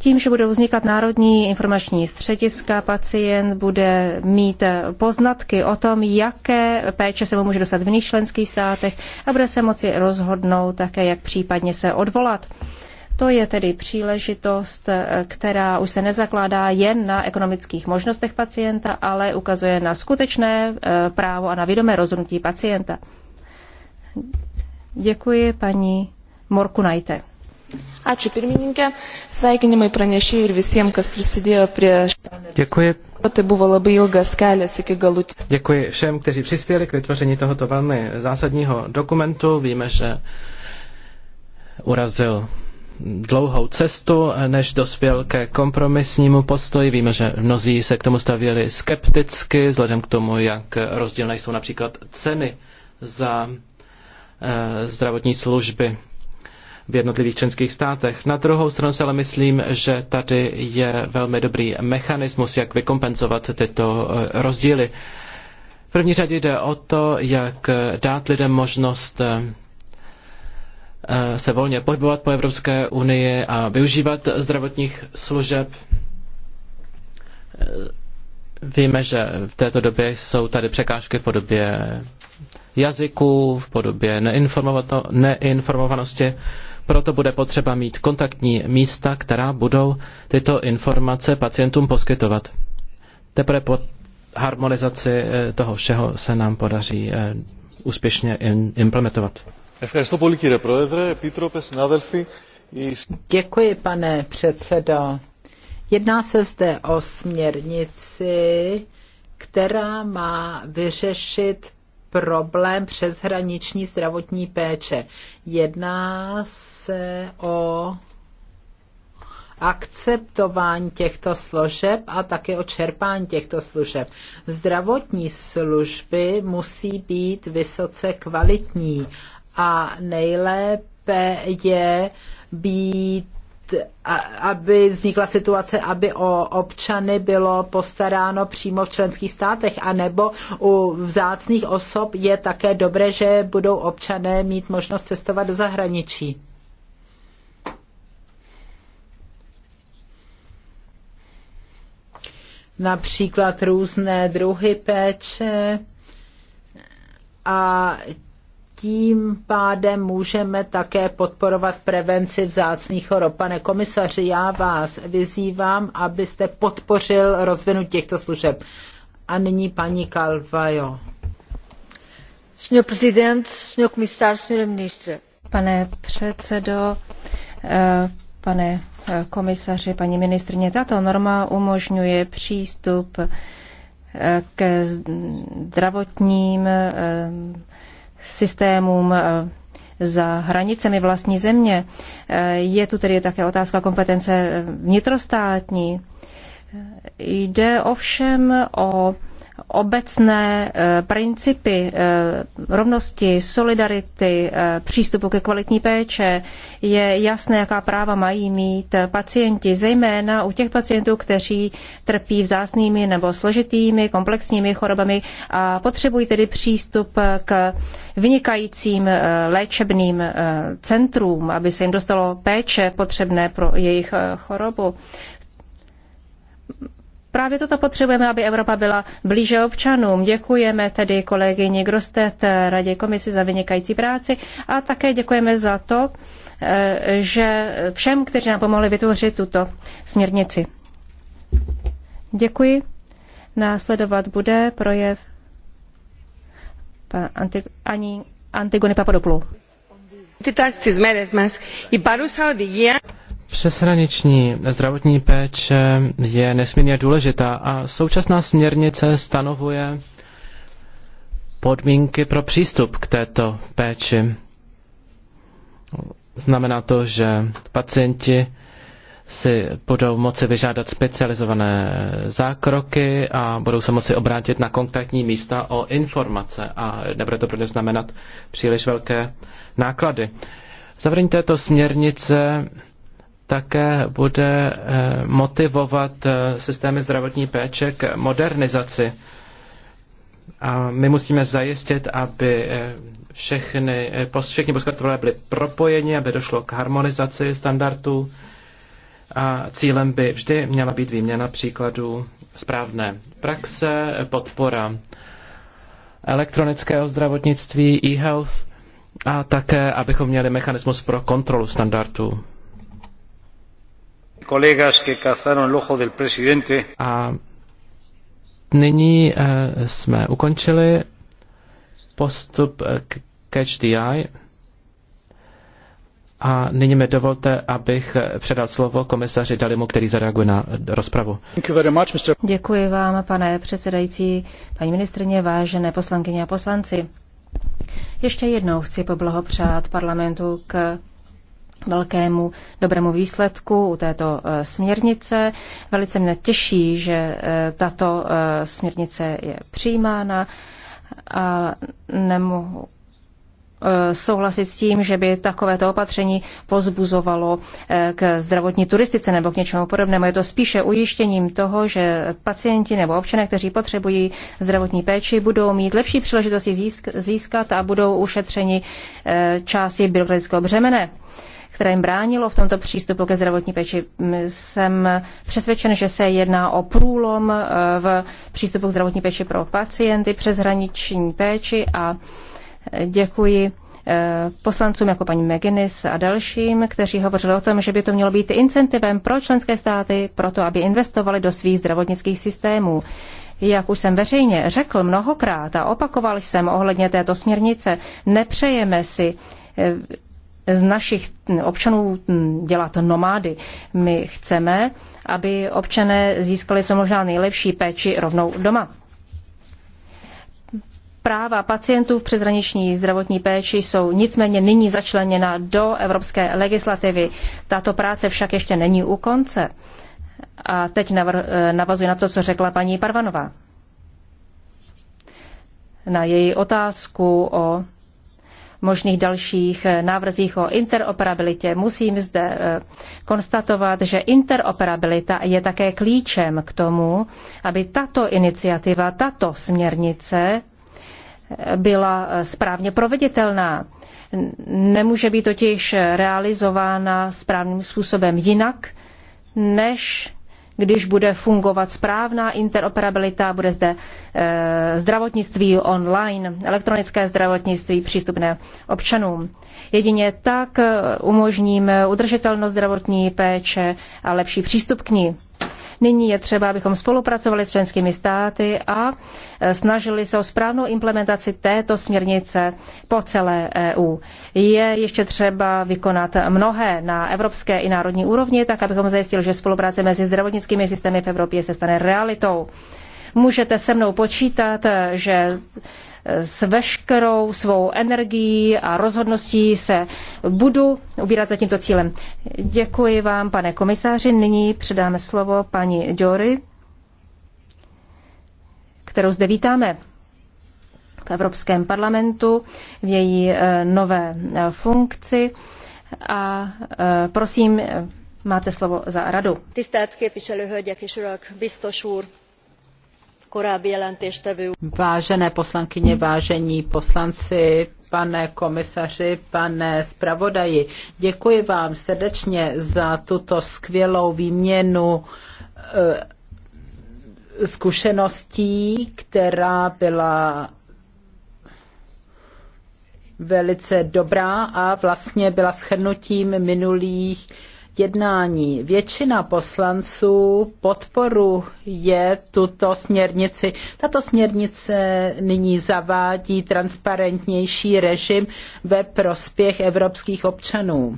Tím, že budou vznikat národní informační střediska, pacient bude mít poznatky o tom, jaké péče se mu může dostat v jiných členských státech a bude se moci rozhodnout také, jak případně se odvolat. To je tedy příležitost, která už se nezakládá jen na ekonomických možnostech pacienta, ale ukazuje na skutečné eh, právo a na vědomé rozhodnutí pacienta. Děkuji paní Morkunajte. Ačiū pirmininkė, sveikinimai pranešiai ir visiems, kas prisidėjo prie... Děkuji. To bylo labai ilgas kelias iki galutin. Děkuji všem, kteří přispěli k vytvoření tohoto velmi zásadního dokumentu. Víme, že urazil dlouhou cestu, než dospěl ke kompromisnímu postoji. Víme, že mnozí se k tomu stavěli skepticky, vzhledem k tomu, jak rozdílné jsou například ceny za eh, zdravotní služby v jednotlivých členských státech. Na druhou stranu se ale myslím, že tady je velmi dobrý mechanismus, jak vykompenzovat tyto eh, rozdíly. V první řadě jde o to, jak dát lidem možnost eh, se volně pohybovat po Evropské unii a využívat zdravotních služeb. Eh, víme, že v této době jsou tady překážky v podobě jazyku, v podobě neinformovanosti proto bude potřeba mít kontaktní místa, která budou tyto informace pacientům poskytovat. Teprve po harmonizaci eh, toho všeho se nám podaří eh, úspěšně implementovat. Děkuji, pane předsedo. Jedná se zde o směrnici, která má vyřešit problém přeshraniční zdravotní péče. Jedná se o akceptování těchto služeb a také o čerpání těchto služeb. Zdravotní služby musí být vysoce kvalitní a nejlépe je být aby vznikla situace, aby o občany bylo postaráno přímo v členských státech, anebo u vzácných osob je také dobré, že budou občané mít možnost cestovat do zahraničí. Například různé druhy péče a tím pádem můžeme také podporovat prevenci vzácných chorob. Pane komisaři, já vás vyzývám, abyste podpořil rozvinutí těchto služeb. A nyní paní Kalvajo. Pane předsedo, eh, pane eh, komisaři, paní ministrně, tato norma umožňuje přístup eh, ke zdravotním systémům eh, za hranicemi vlastní země. Eh, je tu tedy také otázka kompetence eh, vnitrostátní. Jde ovšem o obecné eh, principy eh, rovnosti, solidarity, eh, přístupu ke kvalitní péče, je jasné, jaká práva mají mít pacienti, zejména u těch pacientů, kteří trpí vzácnými nebo složitými komplexními chorobami a potřebují tedy přístup k vynikajícím léčebným centrům, aby se jim dostalo péče potřebné pro jejich chorobu. Právě toto potřebujeme, aby Evropa byla blíže občanům. Děkujeme tedy kolegyni Grostet, radě komisi za vynikající práci a také děkujeme za to, eh, že všem, kteří nám pomohli vytvořit tuto směrnici. Děkuji. Následovat bude projev Ani Antigony Papadopoulou. Přeshraniční zdravotní péče je nesmírně důležitá a současná směrnice stanovuje podmínky pro přístup k této péči. Znamená to, že pacienti si budou moci vyžádat specializované zákroky a budou se moci obrátit na kontaktní místa o informace a nebude to pro ně znamenat příliš velké náklady. Zavření této směrnice také bude eh, motivovat eh, systémy zdravotní péče k modernizaci. A my musíme zajistit, aby eh, všechny, všechny poskytovatelé byly propojeni, aby došlo k harmonizaci standardů a cílem by vždy měla být výměna příkladů správné praxe, podpora elektronického zdravotnictví, e-health a také, abychom měli mechanismus pro kontrolu standardů. A nyní eh, jsme ukončili postup eh, k Catch the Eye. A nyní mi dovolte, abych eh, předal slovo komisaři Dalimu, který zareaguje na rozpravu. Děkuji vám, pane předsedající, paní ministrině, vážené poslankyně a poslanci. Ještě jednou chci poblahopřát parlamentu k velkému dobrému výsledku u této eh, směrnice. Velice mne těší, že eh, tato eh, směrnice je přijímána a nemohu souhlasit s tím, že by takovéto opatření pozbuzovalo k zdravotní turistice nebo k něčemu podobnému. Je to spíše ujištěním toho, že pacienti nebo občané, kteří potřebují zdravotní péči, budou mít lepší příležitosti získat a budou ušetřeni části byrokratického břemene které jim bránilo v tomto přístupu ke zdravotní péči. Jsem přesvědčen, že se jedná o průlom e, v přístupu k zdravotní péči pro pacienty, hraniční péči a děkuji e, poslancům jako paní McGuinness a dalším, kteří hovořili o tom, že by to mělo být incentivem pro členské státy, proto aby investovali do svých zdravotnických systémů. Jak už jsem veřejně řekl mnohokrát a opakoval jsem ohledně této směrnice, nepřejeme si e, z našich občanů dělat nomády. My chceme, aby občané získali co možná nejlepší péči rovnou doma. Práva pacientů v přezraniční zdravotní péči jsou nicméně nyní začleněna do evropské legislativy. Tato práce však ještě není u konce. A teď navazuji na to, co řekla paní Parvanová. Na její otázku o možných dalších návrzích o interoperabilitě, musím zde eh, konstatovat, že interoperabilita je také klíčem k tomu, aby tato iniciativa, tato směrnice eh, byla eh, správně proveditelná. Nemůže být totiž realizována správným způsobem jinak, než když bude fungovat správná interoperabilita, bude zde eh, zdravotnictví online, elektronické zdravotnictví přístupné občanům. Jedině tak eh, umožníme udržitelnost zdravotní péče a lepší přístup k ní. Nyní je třeba, abychom spolupracovali s členskými státy a e, snažili se o správnou implementaci této směrnice po celé EU. Je ještě třeba vykonat mnohé na evropské i národní úrovni, tak abychom zajistili, že spolupráce mezi zdravotnickými systémy v Evropě se stane realitou. Můžete se mnou počítat, že s veškerou svou energií a rozhodností se budu ubírat za tímto cílem. Děkuji vám, pane komisáři. Nyní předáme slovo paní Jory, kterou zde vítáme v Evropském parlamentu v její eh, nové eh, funkci. A eh, prosím, máte slovo za radu. Tisztelt hölgyek és urak, biztos úr, korábbi jelentéstevő. Vážené poslankyně, vážení poslanci, pane komisaři, pane zpravodaji, děkuji vám srdečně za tuto skvělou výměnu eh, zkušeností, která byla velice dobrá a vlastně byla shrnutím minulých jednání. Většina poslanců podporuje tuto směrnici. Tato směrnice nyní zavádí transparentnější režim ve prospěch evropských občanů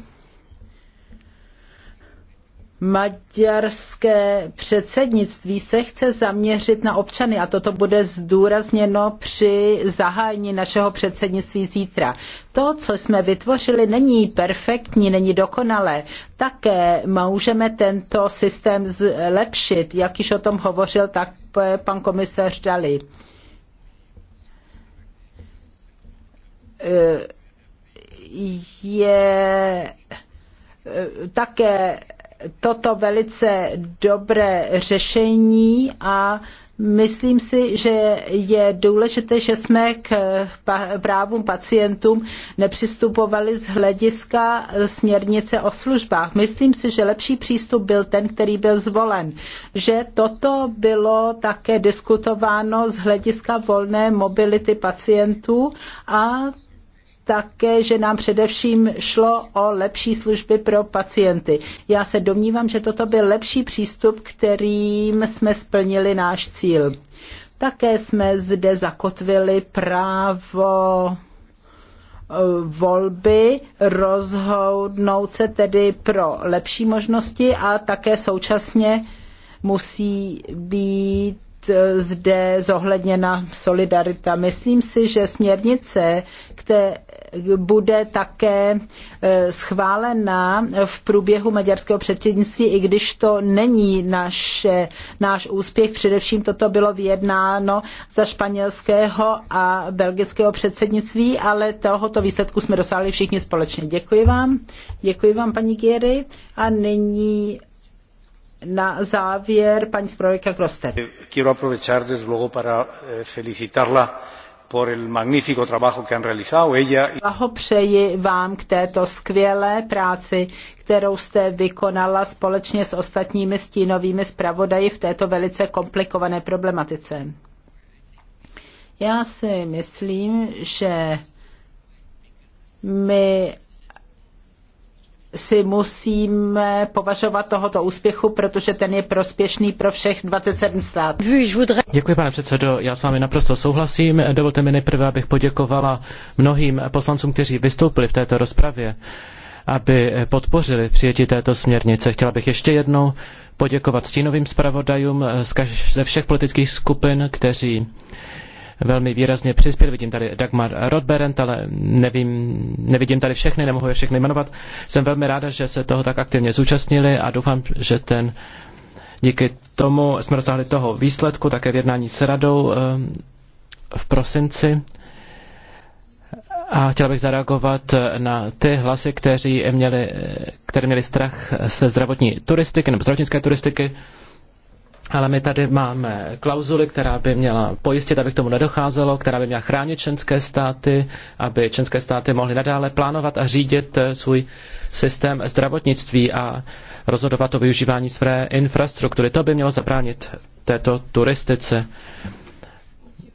maďarské předsednictví se chce zaměřit na občany a toto bude zdůrazněno při zahájení našeho předsednictví zítra. To, co jsme vytvořili, není perfektní, není dokonalé. Také můžeme tento systém zlepšit, jak již o tom hovořil tak pan komisař Dali. Je také toto velice dobré řešení a Myslím si, že je důležité, že jsme k právům pacientům nepřistupovali z hlediska směrnice o službách. Myslím si, že lepší přístup byl ten, který byl zvolen. Že toto bylo také diskutováno z hlediska volné mobility pacientů a také, že nám především šlo o lepší služby pro pacienty. Já se domnívám, že toto byl lepší přístup, kterým jsme splnili náš cíl. Také jsme zde zakotvili právo eh, volby, rozhodnout se tedy pro lepší možnosti a také současně musí být Eh, zde zohledněna solidarita. Myslím si, že směrnice, bude také eh, schválena v průběhu maďarského předsednictví, i když to není naše, náš úspěch. Především toto bylo vyjednáno za španělského a belgického předsednictví, ale tohoto výsledku jsme dosáhli všichni společně. Děkuji vám. Děkuji vám, paní Giery. A nyní na závěr paní zpravodajka Kloster. Quiero aprovechar desde luego para eh, felicitarla por el magnífico trabajo que han realizado ella. Blahopřeji vám k této skvělé práci, kterou jste vykonala společně s ostatními stínovými zpravodaji v této velice komplikované problematice. Já si myslím, že my si musíme považovat tohoto úspěchu, protože ten je prospěšný pro všech 27 států. Děkuji, pane předsedo, já s vámi naprosto souhlasím. Dovolte mi nejprve, abych poděkovala mnohým poslancům, kteří vystoupili v této rozpravě, aby podpořili přijetí této směrnice. Chtěla bych ještě jednou poděkovat stínovým zpravodajům ze všech politických skupin, kteří velmi výrazně přispěl Vidím tady Dagmar Rodberent, ale nevím, nevidím tady všechny, nemohu je všechny jmenovat. Jsem velmi ráda, že se toho tak aktivně zúčastnili a doufám, že ten díky tomu jsme dosáhli toho výsledku, také v jednání s radou eh, v prosinci. A chtěl bych zareagovat na ty hlasy, kteří měli, které měli strach se zdravotní turistiky nebo zdravotnické turistiky. Ale my tady máme klauzuli, která by měla pojistit, aby k tomu nedocházelo, která by měla chránit členské státy, aby členské státy mohly nadále plánovat a řídit eh, svůj systém zdravotnictví a rozhodovat o využívání své infrastruktury. To by mělo zabránit této turistice.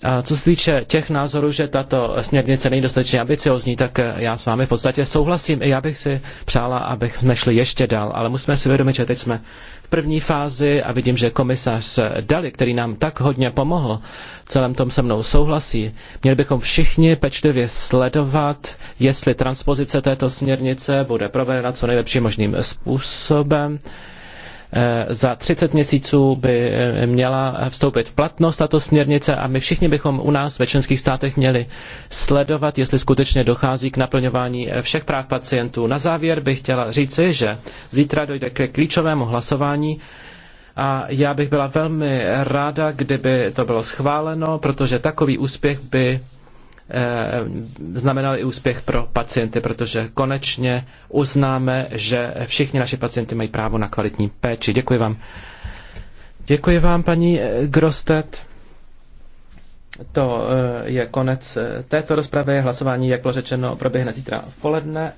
A co se týče těch názorů, že tato směrnice není dostatečně ambiciozní, tak eh, já s vámi v podstatě souhlasím. I já bych si přála, abych jsme šli ještě dál, ale musíme si uvědomit, že teď jsme v první fázi a vidím, že komisař eh, Dali, který nám tak hodně pomohl, celém tom se mnou souhlasí. Měli bychom všichni pečlivě sledovat, jestli transpozice této směrnice bude provedena co nejlepším možným způsobem. Eh, za 30 měsíců by eh, měla vstoupit v platnost tato směrnice a my všichni bychom u nás ve členských státech měli sledovat, jestli skutečně dochází k naplňování eh, všech práv pacientů. Na závěr bych chtěla říci, že zítra dojde k klíčovému hlasování a já bych byla velmi ráda, kdyby to bylo schváleno, protože takový úspěch by Eh, znamenal i úspěch pro pacienty, protože konečně uznáme, že všichni naši pacienty mají právo na kvalitní péči. Děkuji vám. Děkuji vám, paní eh, Grostet. To eh, je konec této rozpravy. Hlasování, jak bylo řečeno, proběhne zítra v poledne.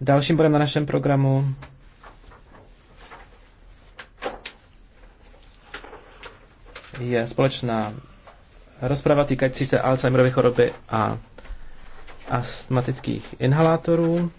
Dalším bodem na našem programu je společná rozprava týkající se Alzheimerovy choroby a astmatických inhalátorů.